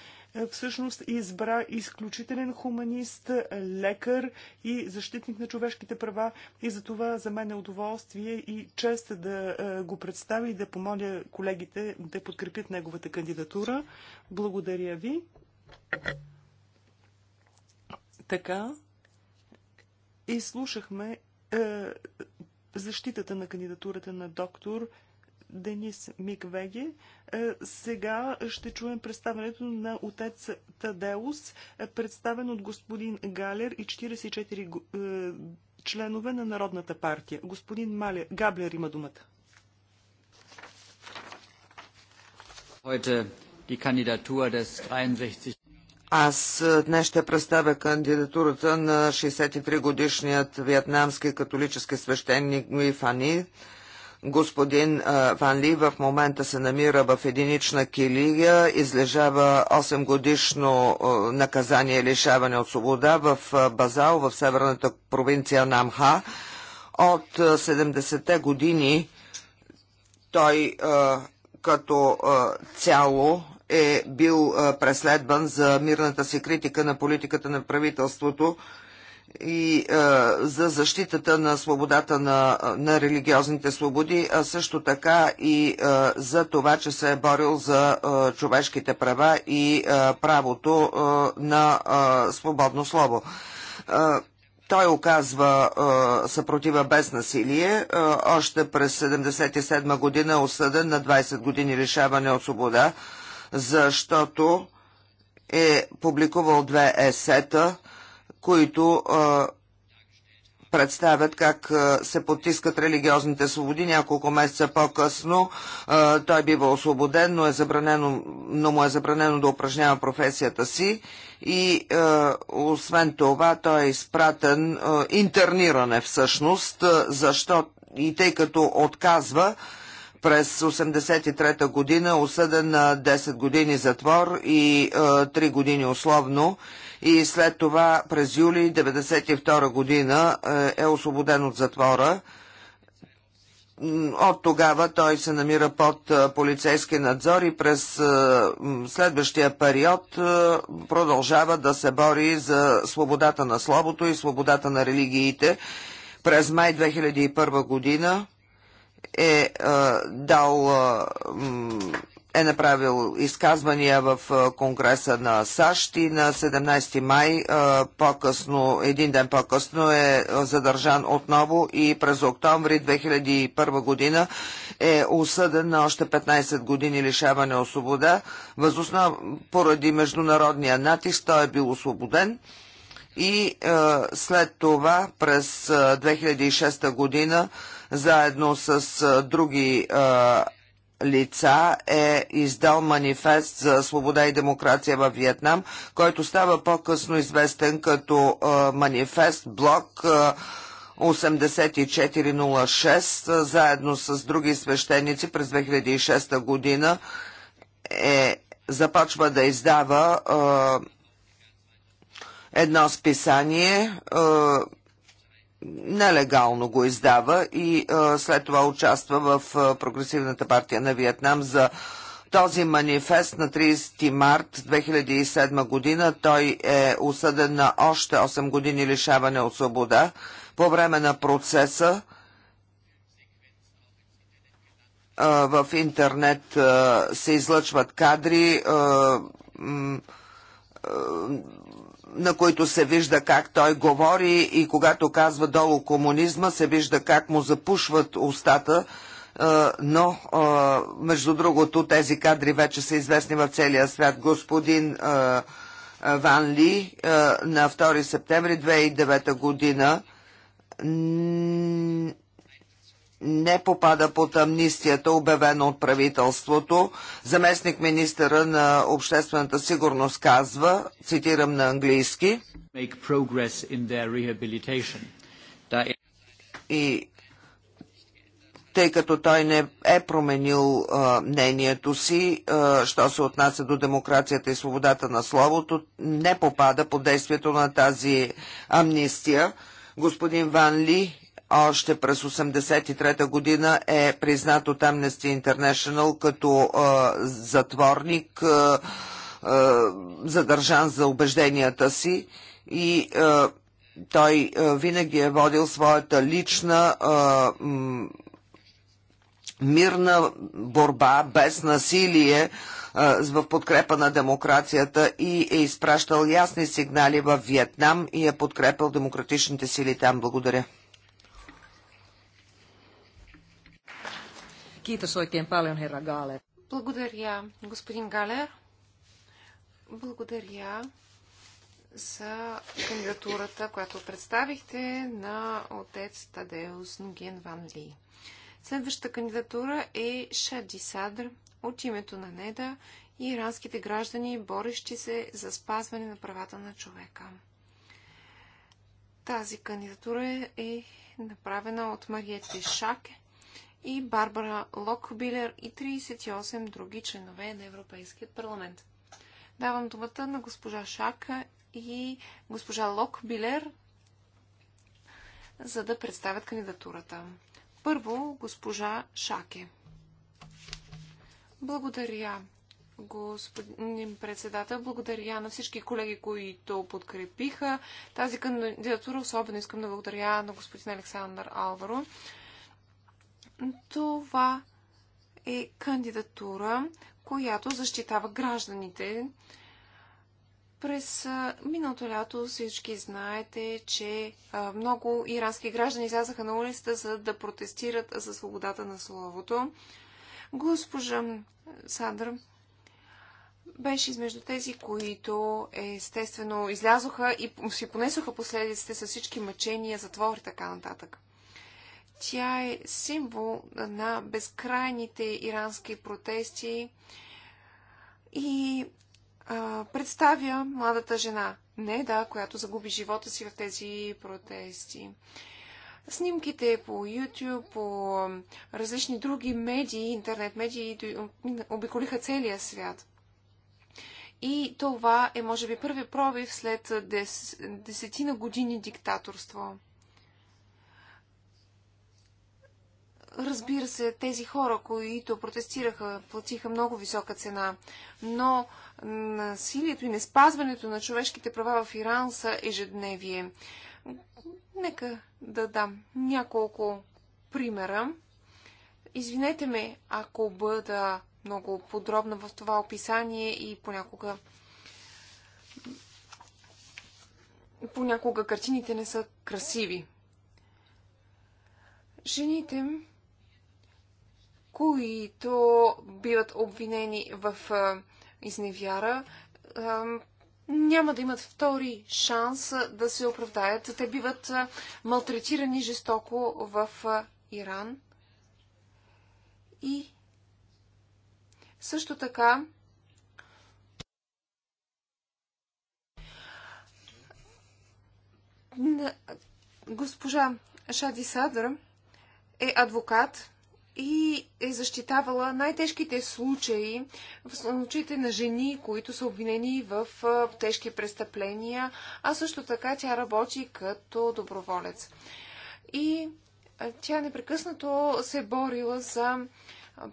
всъщност избра изключителен хуманист, лекар и защитник на човешките права и за това за мен е удоволствие и чест да е, го представя и да помоля колегите да подкрепят неговата кандидатура. Благодаря ви. Така. И слушахме е, защитата на кандидатурата на доктор Денис Миквеги. Е, сега ще чуем представенето на отец Тадеус, е, представен от господин Галер и 44 е, членове на Народната партия. Господин Мале... Габлер има думата. Heute die Kandidatur des 63 аз е, днес ще представя кандидатурата на 63-годишният вьетнамски католически свещеник Нуи Фани. Господин Ван е, Ли в момента се намира в единична килия, излежава 8 годишно е, наказание лишаване от свобода в Базал, в северната провинция Намха. От 70-те години той като цяло е бил преследван за мирната си критика на политиката на правителството и е, за защитата на свободата на, на религиозните свободи, а също така и е, за това, че се е борил за е, човешките права и е, правото е, на е, свободно слово. Е, той оказва е, съпротива без насилие. Е, още през 1977 година осъден на 20 години лишаване от свобода. Е, защото е публикувал две есета, които а, представят как се потискат религиозните свободи. Няколко месеца по-късно той бива освободен, но, е забранено, но му е забранено да упражнява професията си и освен това той е изпратен, е, интерниране всъщност, защото и тъй като отказва, през 1983 година, осъден на 10 години затвор и 3 е, години условно и след това през юли 1992 година е, е освободен от затвора. От тогава той се намира под е, полицейски надзор и през следващия период продължава да се бори за свободата на словото и свободата на религиите. През май 2001 година е, е дал е, е направил изказвания в е, Конгреса на САЩ и на 17 май по-късно, един ден по-късно е задържан отново и през октомври 2001 година е осъден на още 15 години лишаване от свобода. Възоснов поради международния натиск той е бил освободен и е, след това през 2006 година заедно с други лица е издал манифест за свобода и демокрация във Виетнам, който става по-късно известен като манифест блок 8406, заедно с други свещеници през 2006 година е, започва да издава а, едно списание а, нелегално го издава и а, след това участва в а, Прогресивната партия на Виетнам за този манифест на 30 март 2007 година. Той е осъден на още 8 години лишаване от свобода. По време на процеса а, в интернет а, се излъчват кадри а, на които се вижда как той говори и когато казва долу комунизма, се вижда как му запушват устата, е, но е, между другото тези кадри вече са известни в целия свят. Господин е, Ван Ли на 2 септември 2009 година не попада под амнистията, обявена от правителството. Заместник министъра на обществената сигурност казва, цитирам на английски, е- и тъй като той не е променил а, мнението си, а, що се отнася до демокрацията и свободата на словото, не попада под действието на тази амнистия. Господин Ван Ли още през 1983 година е признат от Amnesty International като а, затворник, а, а, задържан за убежденията си и а, той а, винаги е водил своята лична а, мирна борба без насилие в подкрепа на демокрацията и е изпращал ясни сигнали в Виетнам и е подкрепил демократичните сили там. Благодаря. Kiitos oikein paljon, herra Gaaler. Благодаря, господин Галер. Благодаря за кандидатурата, която представихте на отец Тадеус Нуген Ван Ли. Следващата кандидатура е Шади Садр от името на Неда и иранските граждани, борещи се за спазване на правата на човека. Тази кандидатура е направена от Мариете Шаке и Барбара Локбилер и 38 други членове на Европейския парламент. Давам думата на госпожа Шака и госпожа Локбилер, за да представят кандидатурата. Първо, госпожа Шаке. Благодаря, господин председател. Благодаря на всички колеги, които подкрепиха тази кандидатура. Особено искам да благодаря на господин Александър Алваро. Това е кандидатура, която защитава гражданите. През миналото лято всички знаете, че много ирански граждани излязаха на улицата, за да протестират за свободата на словото. Госпожа Садър беше измежду тези, които естествено излязоха и си понесоха последиците с всички мъчения, затвор и така нататък. Тя е символ на безкрайните ирански протести и а, представя младата жена, не да, която загуби живота си в тези протести. Снимките по YouTube, по различни други медии, интернет медии обиколиха целия свят. И това е, може би, първи пробив след дес, десетина години диктаторство. Разбира се, тези хора, които протестираха, платиха много висока цена, но насилието и неспазването на човешките права в Иран са ежедневие. Нека да дам няколко примера. Извинете ме, ако бъда много подробна в това описание и понякога понякога картините не са красиви. Жените които биват обвинени в изневяра, няма да имат втори шанс да се оправдаят. Те биват малтретирани жестоко в Иран. И също така госпожа Шади Садър е адвокат и е защитавала най-тежките случаи, в случаите на жени, които са обвинени в тежки престъпления, а също така тя работи като доброволец. И тя непрекъснато се борила за,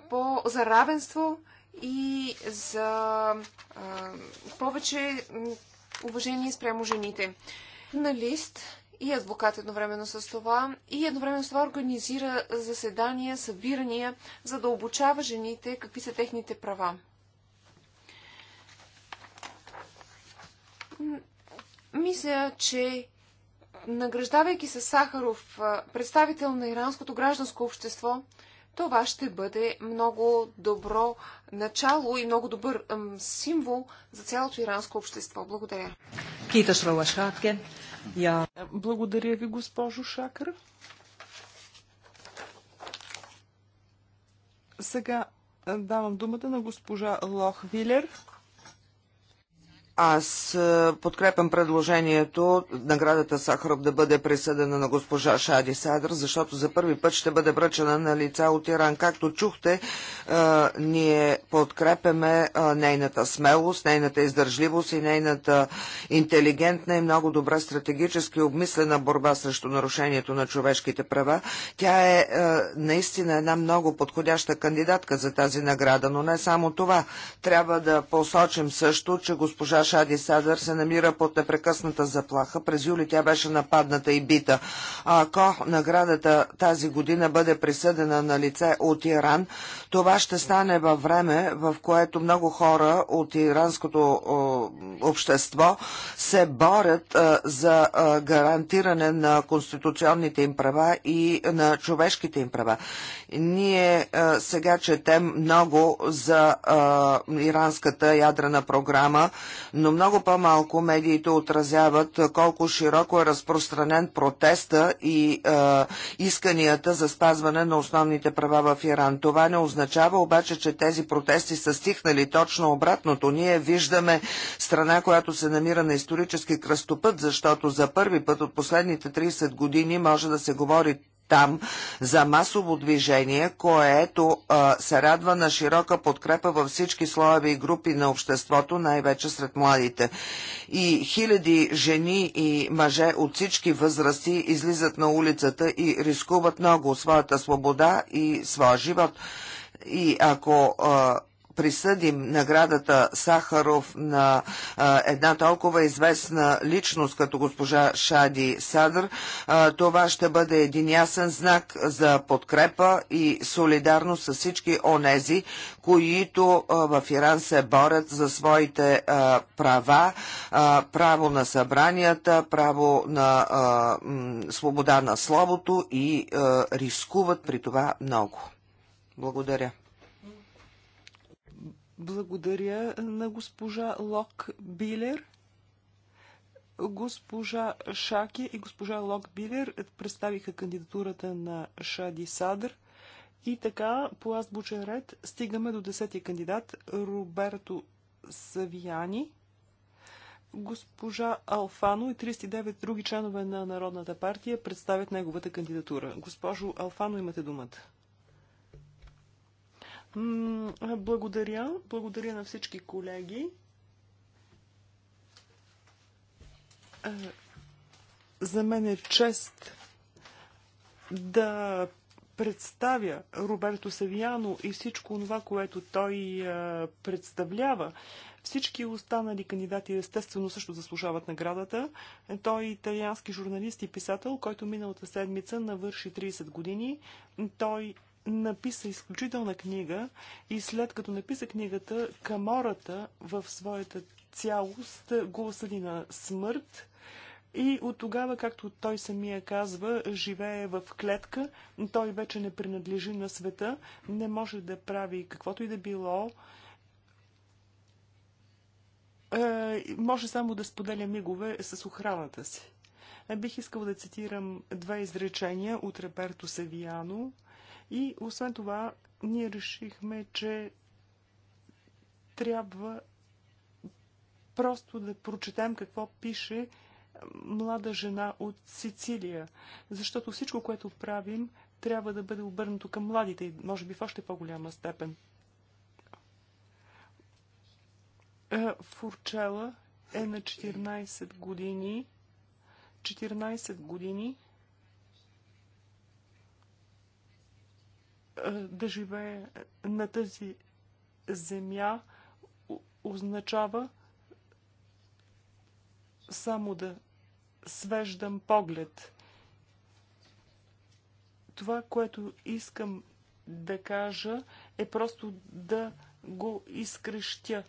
по, за равенство и за а, повече уважение спрямо жените. На лист и адвокат едновременно с това, и едновременно с това организира заседания, събирания, за да обучава жените какви са техните права. Мисля, че награждавайки се Сахаров представител на иранското гражданско общество, това ще бъде много добро начало и много добър символ за цялото иранско общество. Благодаря. Yeah. Благодаря ви, госпожо Шакър. Сега давам думата на госпожа Лох Вилер. Аз е, подкрепям предложението наградата Сахаров да бъде присъдена на госпожа Шади Садър, защото за първи път ще бъде връчена на лица от Иран. Както чухте, е, ние подкрепяме е, нейната смелост, нейната издържливост и нейната интелигентна и много добра стратегически обмислена борба срещу нарушението на човешките права. Тя е наистина една много подходяща кандидатка за тази награда, но не само това. Трябва да посочим също, че госпожа Шади Садър се намира под непрекъсната заплаха. През юли тя беше нападната и бита. А ако наградата тази година бъде присъдена на лице от Иран, това ще стане във време, в което много хора от иранското общество се борят за гарантиране на конституционните им права и на човешките им права. Ние сега четем много за иранската ядрена програма, но много по-малко медиите отразяват колко широко е разпространен протеста и е, исканията за спазване на основните права в Иран. Това не означава обаче, че тези протести са стихнали точно обратното. Ние виждаме страна, която се намира на исторически кръстопът, защото за първи път от последните 30 години може да се говори там за масово движение, което а, се радва на широка подкрепа във всички слоеви и групи на обществото, най-вече сред младите. И хиляди жени и мъже от всички възрасти излизат на улицата и рискуват много своята свобода и своя живот. И ако а, присъдим наградата Сахаров на а, една толкова известна личност като госпожа Шади Садър, а, това ще бъде един ясен знак за подкрепа и солидарност с всички онези, които а, в Иран се борят за своите а, права, а, право на събранията, право на а, м, свобода на словото и а, рискуват при това много. Благодаря. Благодаря на госпожа Лок Билер. Госпожа Шаки и госпожа Лок Билер представиха кандидатурата на Шади Садър. И така, по азбучен ред, стигаме до десетия кандидат Роберто Савияни. Госпожа Алфано и 39 други членове на Народната партия представят неговата кандидатура. Госпожо Алфано, имате думата. Благодаря. Благодаря на всички колеги. За мен е чест да представя Роберто Савиано и всичко това, което той представлява. Всички останали кандидати естествено също заслужават наградата. Той е италиански журналист и писател, който миналата седмица навърши 30 години. Той написа изключителна книга и след като написа книгата, Камората в своята цялост го осъди на смърт. И от тогава, както той самия казва, живее в клетка, той вече не принадлежи на света, не може да прави каквото и да било, е, може само да споделя мигове с охраната си. Бих искал да цитирам две изречения от Реперто Савиано, и освен това, ние решихме, че трябва просто да прочетем какво пише млада жена от Сицилия, защото всичко, което правим, трябва да бъде обърнато към младите, може би в още по-голяма степен. Е, Фурчела е на 14 години. 14 години Е, да живее на тази земя означава само да свеждам поглед. Това, което искам да кажа, е просто да го изкрещя.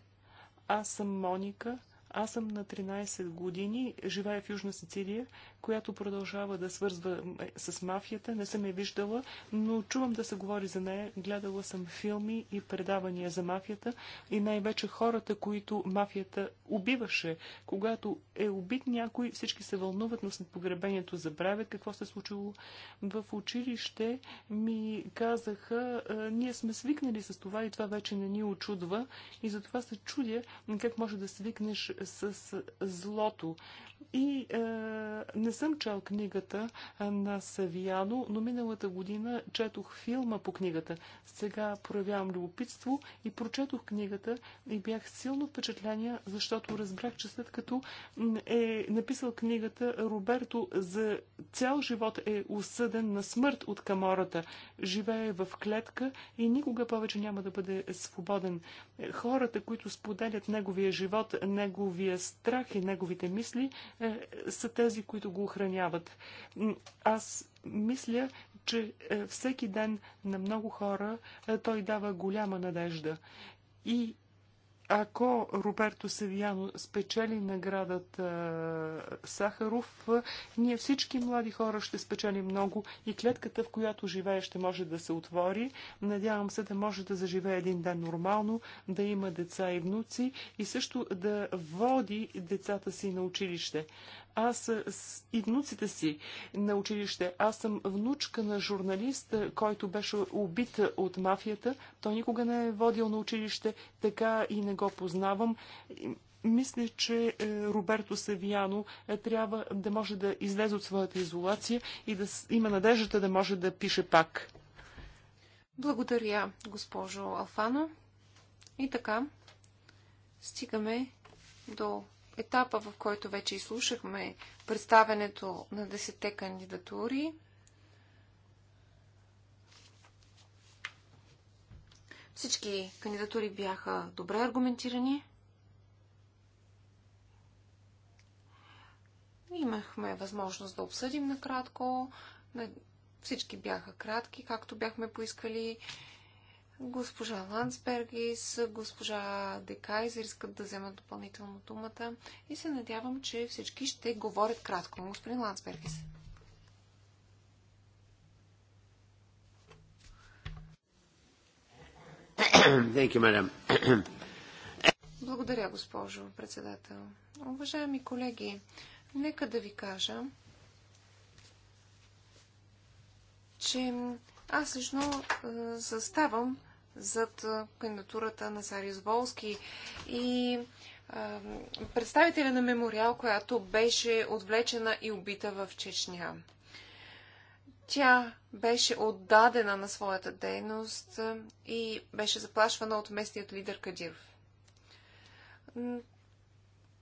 Аз съм Моника, аз съм на 13 години, живея в Южна Сицилия, която продължава да свързва е, с мафията. Не съм я виждала, но чувам да се говори за нея. Гледала съм филми и предавания за мафията и най-вече хората, които мафията убиваше. Когато е убит някой, всички се вълнуват, но след погребението забравят какво се е случило. В училище ми казаха, е, ние сме свикнали с това и това вече не ни очудва и затова се чудя как може да свикнеш с злото. И е, не съм чел книгата е, на Савиано, но миналата година четох филма по книгата. Сега проявявам любопитство и прочетох книгата и бях силно впечатления, защото разбрах, че след като е написал книгата, Роберто за цял живот е осъден на смърт от камората. Живее в клетка и никога повече няма да бъде свободен. Е, хората, които споделят неговия живот, неговия страх и неговите мисли, е, са тези, които го охраняват. Аз мисля, че е, всеки ден на много хора е, той дава голяма надежда. И ако Роберто Савиано спечели наградата Сахаров, ние всички млади хора ще спечели много и клетката, в която живее, ще може да се отвори. Надявам се да може да заживее един ден нормално, да има деца и внуци и също да води децата си на училище аз с и внуците си на училище. Аз съм внучка на журналист, който беше убит от мафията. Той никога не е водил на училище, така и не го познавам. Мисля, че е, Роберто Савиано е, трябва да може да излезе от своята изолация и да има надеждата да може да пише пак. Благодаря, госпожо Алфано. И така, стигаме до етапа, в който вече изслушахме представенето на десете кандидатури, Всички кандидатури бяха добре аргументирани. Имахме възможност да обсъдим накратко. Всички бяха кратки, както бяхме поискали. Госпожа с госпожа Декайзер искат да вземат допълнително думата и се надявам, че всички ще говорят кратко. Господин Ландсбергис. You, Благодаря, госпожо председател. Уважаеми колеги, нека да ви кажа, че аз лично е, заставам зад е, кандидатурата на Сариус Болски и а, е, представителя на мемориал, която беше отвлечена и убита в Чечня. Тя беше отдадена на своята дейност и беше заплашвана от местният лидер Кадиров.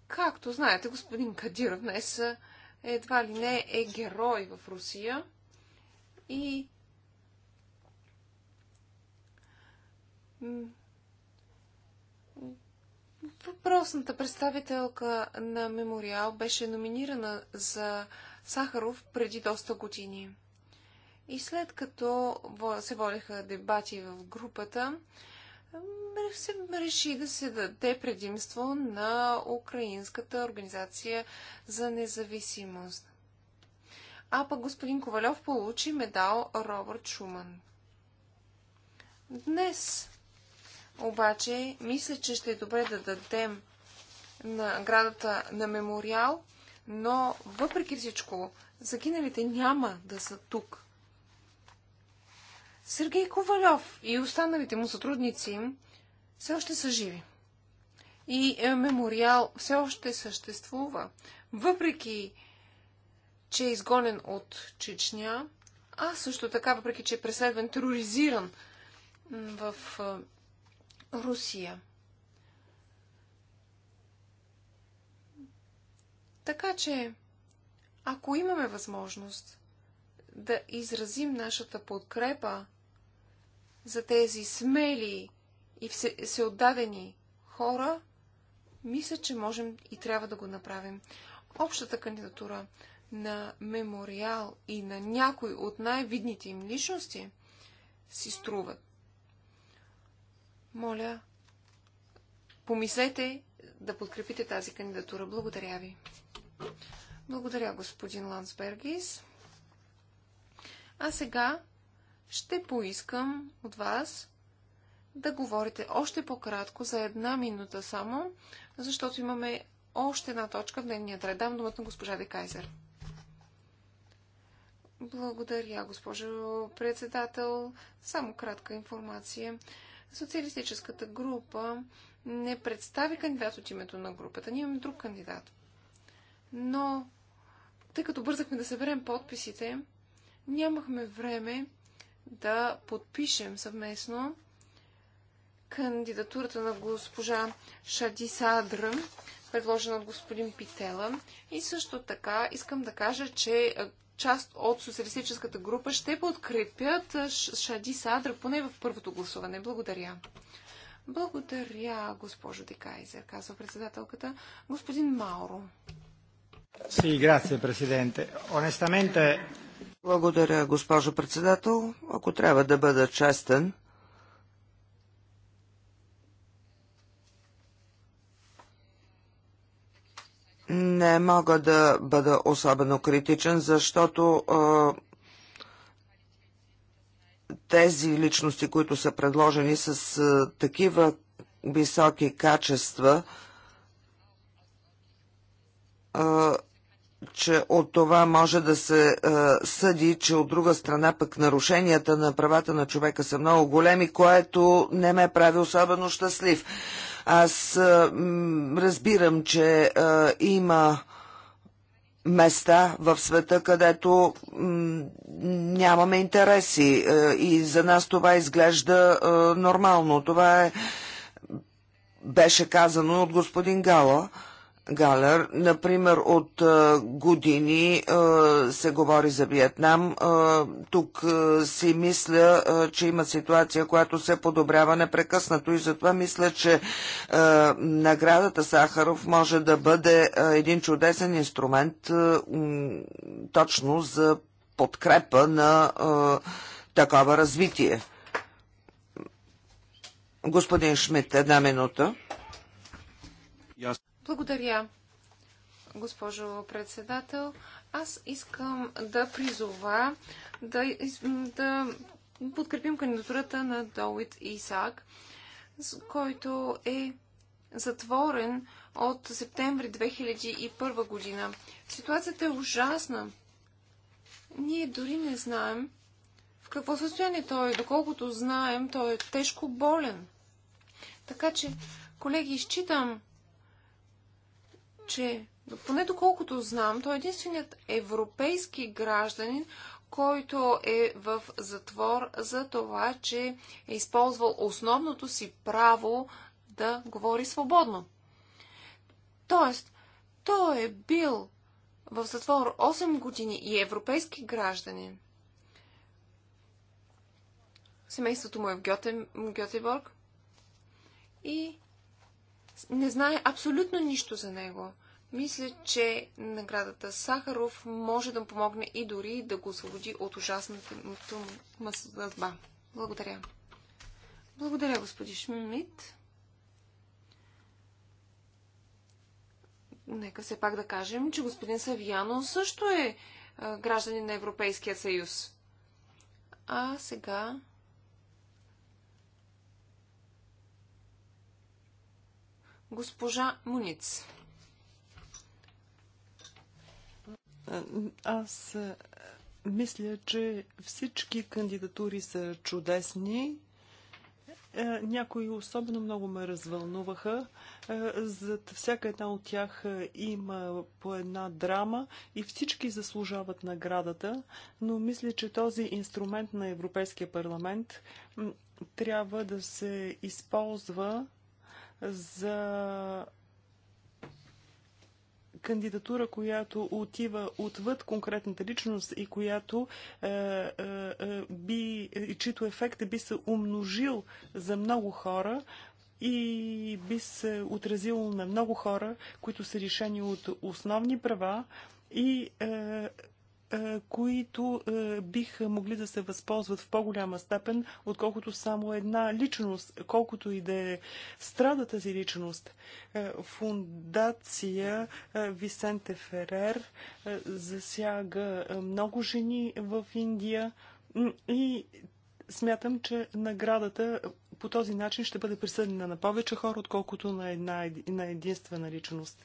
Както знаете, господин Кадиров днес едва ли не е герой в Русия и Въпросната представителка на Мемориал беше номинирана за Сахаров преди доста години. И след като се водеха дебати в групата, се реши да се даде предимство на Украинската организация за независимост. А пък господин Ковалев получи медал Робърт Шуман. Днес обаче, мисля, че ще е добре да дадем наградата на мемориал, но въпреки всичко, загиналите няма да са тук. Сергей Ковалев и останалите му сътрудници все още са живи. И е, мемориал все още съществува. Въпреки, че е изгонен от Чечня, а също така, въпреки, че е преследван, тероризиран в е, Русия. Така че, ако имаме възможност да изразим нашата подкрепа за тези смели и всеотдадени хора, мисля, че можем и трябва да го направим. Общата кандидатура на мемориал и на някой от най-видните им личности си струват. Моля, помислете да подкрепите тази кандидатура. Благодаря ви. Благодаря, господин Лансбергис. А сега ще поискам от вас да говорите още по-кратко, за една минута само, защото имаме още една точка в дневния ред. Дам думата на госпожа Декайзер. Благодаря, госпожо председател. Само кратка информация социалистическата група не представи кандидат от името на групата. Ние имаме друг кандидат. Но, тъй като бързахме да съберем подписите, нямахме време да подпишем съвместно кандидатурата на госпожа Шади Садра, предложена от господин Питела. И също така искам да кажа, че част от социалистическата група ще подкрепят Шади Садра поне в първото гласуване. Благодаря. Благодаря, госпожо Декайзер, казва председателката. Господин Мауро. Си, грация, президенте. Онестаменте... Благодаря, госпожо председател. Ако трябва да бъда честен, не мога да бъда особено критичен, защото тези личности, които са предложени с такива високи качества, че от това може да се а, съди, че от друга страна пък нарушенията на правата на човека са много големи, което не ме прави особено щастлив. Аз разбирам, че има места в света, където нямаме интереси и за нас това изглежда нормално. Това е, беше казано от господин Гала. Галер. Например, от години се говори за Виетнам. Тук си мисля, че има ситуация, която се подобрява непрекъснато и затова мисля, че наградата Сахаров може да бъде един чудесен инструмент точно за подкрепа на такова развитие. Господин Шмидт, една минута. Благодаря, госпожо председател. Аз искам да призова да, да подкрепим кандидатурата на Долит Исак, който е затворен от септември 2001 година. Ситуацията е ужасна. Ние дори не знаем в какво състояние той е. Доколкото знаем, той е тежко болен. Така че, колеги, изчитам че, поне доколкото знам, той е единственият европейски гражданин, който е в затвор за това, че е използвал основното си право да говори свободно. Тоест, той е бил в затвор 8 години и е европейски гражданин. Семейството му е в Гьотеборг и не знае абсолютно нищо за него. Мисля, че наградата Сахаров може да му помогне и дори да го освободи от ужасната му съдба. Благодаря. Благодаря, господин Шмидт. Нека все пак да кажем, че господин Савиано също е гражданин на Европейския съюз. А сега Госпожа Муниц. Аз мисля, че всички кандидатури са чудесни. Някои особено много ме развълнуваха. Зад всяка една от тях има по една драма и всички заслужават наградата, но мисля, че този инструмент на Европейския парламент трябва да се използва за кандидатура, която отива отвъд конкретната личност и която е, е, е би, и чието ефект би се умножил за много хора и би се отразил на много хора, които са решени от основни права и е, които биха могли да се възползват в по-голяма степен, отколкото само една личност, колкото и да е страда тази личност. Фундация Висенте Ферер засяга много жени в Индия и смятам, че наградата по този начин ще бъде присъдена на повече хора, отколкото на една на единствена личност.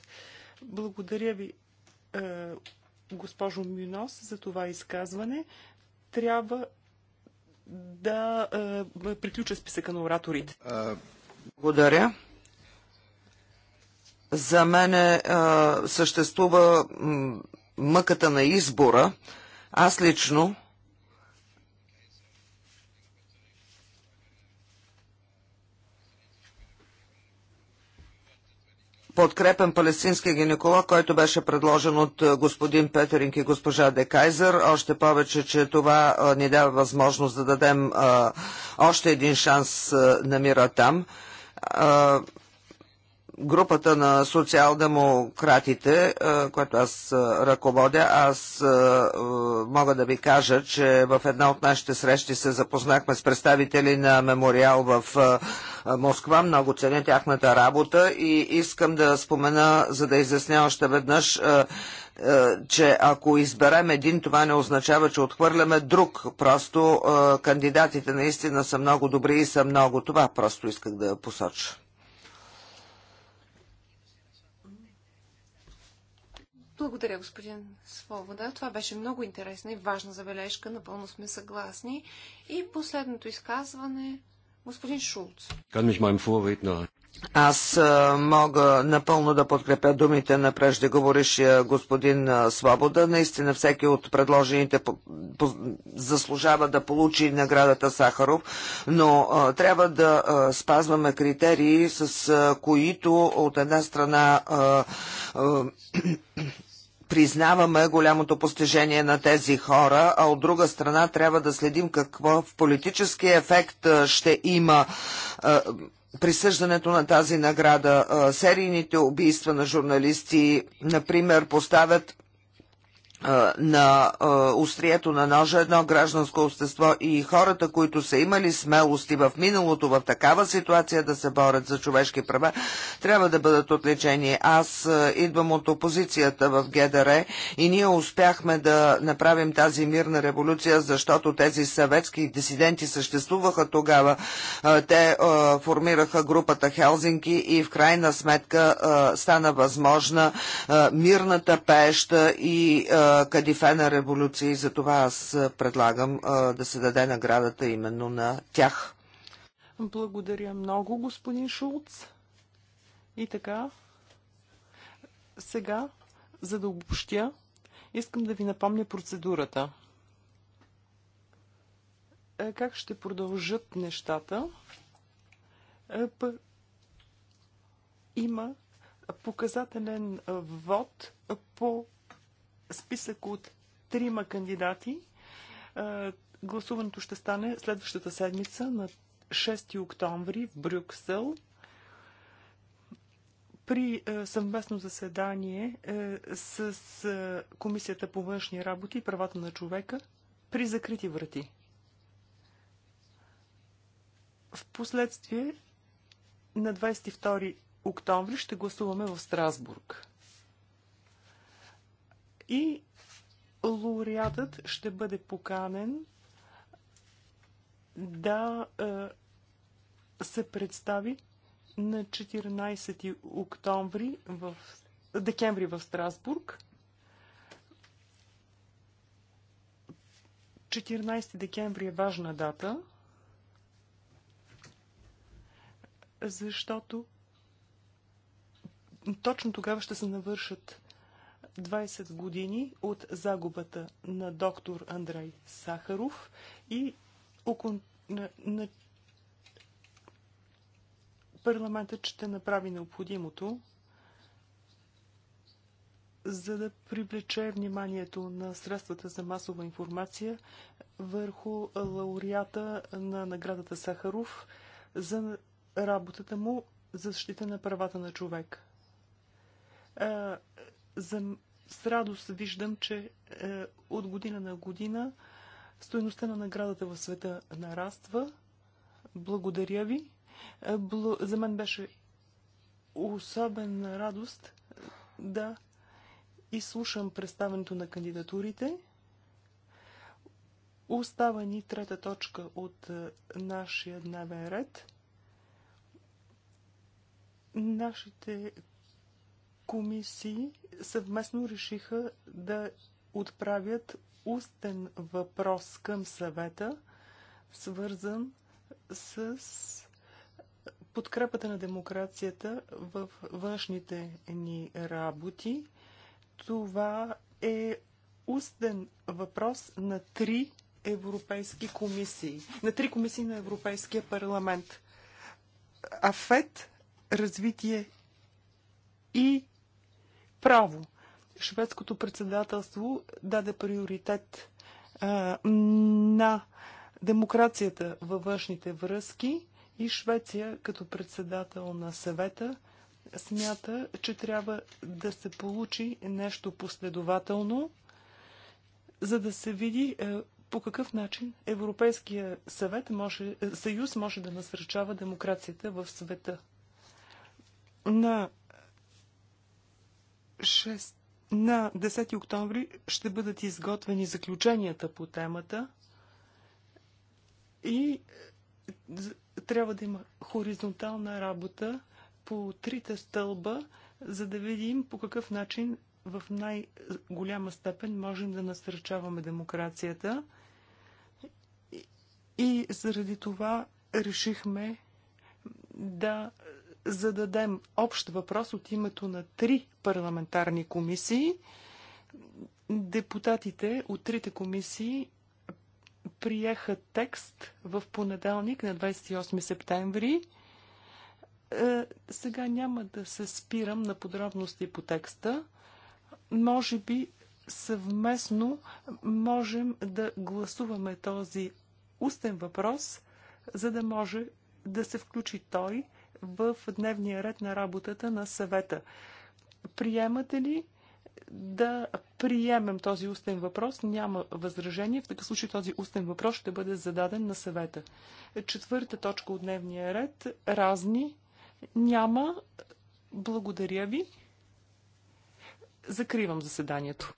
Благодаря ви госпожо Мюнос, за това изказване. Трябва да е, приключа списъка на ораторите. Благодаря. За мен е, е съществува мъката на избора. Аз лично подкрепен палестинския гинеколог, който беше предложен от е, господин Петеринг и госпожа Декайзер. Още повече, че това е, ни дава възможност да дадем е, още един шанс на мира там групата на социал-демократите, е, която аз е, ръководя, аз е, мога да ви кажа, че в една от нашите срещи се запознахме с представители на мемориал в Москва. Много ценя тяхната работа и искам да спомена, за да изясня още веднъж, че ако изберем един, това не означава, че отхвърляме друг. Просто кандидатите наистина са много добри и са много. Това просто исках да посоча. Благодаря, господин Свобода. Това беше много интересна и важна забележка. Напълно сме съгласни. И последното изказване, господин Шулц. Аз мога напълно да подкрепя думите на преждеговорившия господин Свобода. Наистина всеки от предложените по, по, заслужава да получи наградата Сахаров, но а, трябва да спазваме критерии, с които от една страна признаваме голямото постижение на тези хора, а от друга страна трябва да следим какво в политически ефект ще има присъждането на тази награда. Серийните убийства на журналисти, например, поставят на острието на ножа едно гражданско общество и хората, които са имали смелости в миналото в такава ситуация да се борят за човешки права, трябва да бъдат отличени. Аз идвам от опозицията в ГДР и ние успяхме да направим тази мирна революция, защото тези съветски дисиденти съществуваха тогава. Те формираха групата Хелзинки и в крайна сметка стана възможна мирната пееща и кадифе революция и за това аз предлагам да се даде наградата именно на тях. Благодаря много, господин Шулц. И така, сега, за да обобщя, искам да ви напомня процедурата. Е, как ще продължат нещата? Е, има показателен вод по списък от трима кандидати. Гласуването ще стане следващата седмица на 6 октомври в Брюксел при съвместно заседание с Комисията по външни работи и правата на човека при закрити врати. В последствие на 22 октомври ще гласуваме в Страсбург и лауреатът ще бъде поканен да е, се представи на 14 октомври в декември в Страсбург. 14 декември е важна дата, защото точно тогава ще се навършат 20 години от загубата на доктор Андрей Сахаров и окон... на... на... парламентът ще направи необходимото, за да привлече вниманието на средствата за масова информация върху лауреата на наградата Сахаров за работата му за защита на правата на човек за, с радост виждам, че е, от година на година стоеността на наградата в света нараства. Благодаря ви. Е, Бл... За мен беше особена радост е, да изслушам представенето на кандидатурите. Остава ни трета точка от е, нашия дневен ред. Нашите комисии съвместно решиха да отправят устен въпрос към съвета, свързан с подкрепата на демокрацията в външните ни работи. Това е устен въпрос на три европейски комисии, на три комисии на Европейския парламент. АФЕТ, развитие и право. Шведското председателство даде приоритет а, на демокрацията във външните връзки и Швеция като председател на съвета смята, че трябва да се получи нещо последователно, за да се види по какъв начин Европейския съвет може, съюз може да насърчава демокрацията в света. На 6, на 10 октомври ще бъдат изготвени заключенията по темата и е, трябва да има хоризонтална работа по трите стълба, за да видим по какъв начин в най-голяма степен можем да насърчаваме демокрацията. И заради това решихме да зададем общ въпрос от името на три парламентарни комисии. Депутатите от трите комисии приеха текст в понеделник на 28 септември. Е, сега няма да се спирам на подробности по текста. Може би съвместно можем да гласуваме този устен въпрос, за да може да се включи той в дневния ред на работата на съвета. Приемате ли да приемем този устен въпрос? Няма възражение. В такъв случай този устен въпрос ще бъде зададен на съвета. Четвърта точка от дневния ред. Разни. Няма. Благодаря ви. Закривам заседанието.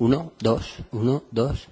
Uno, dos, uno, dos.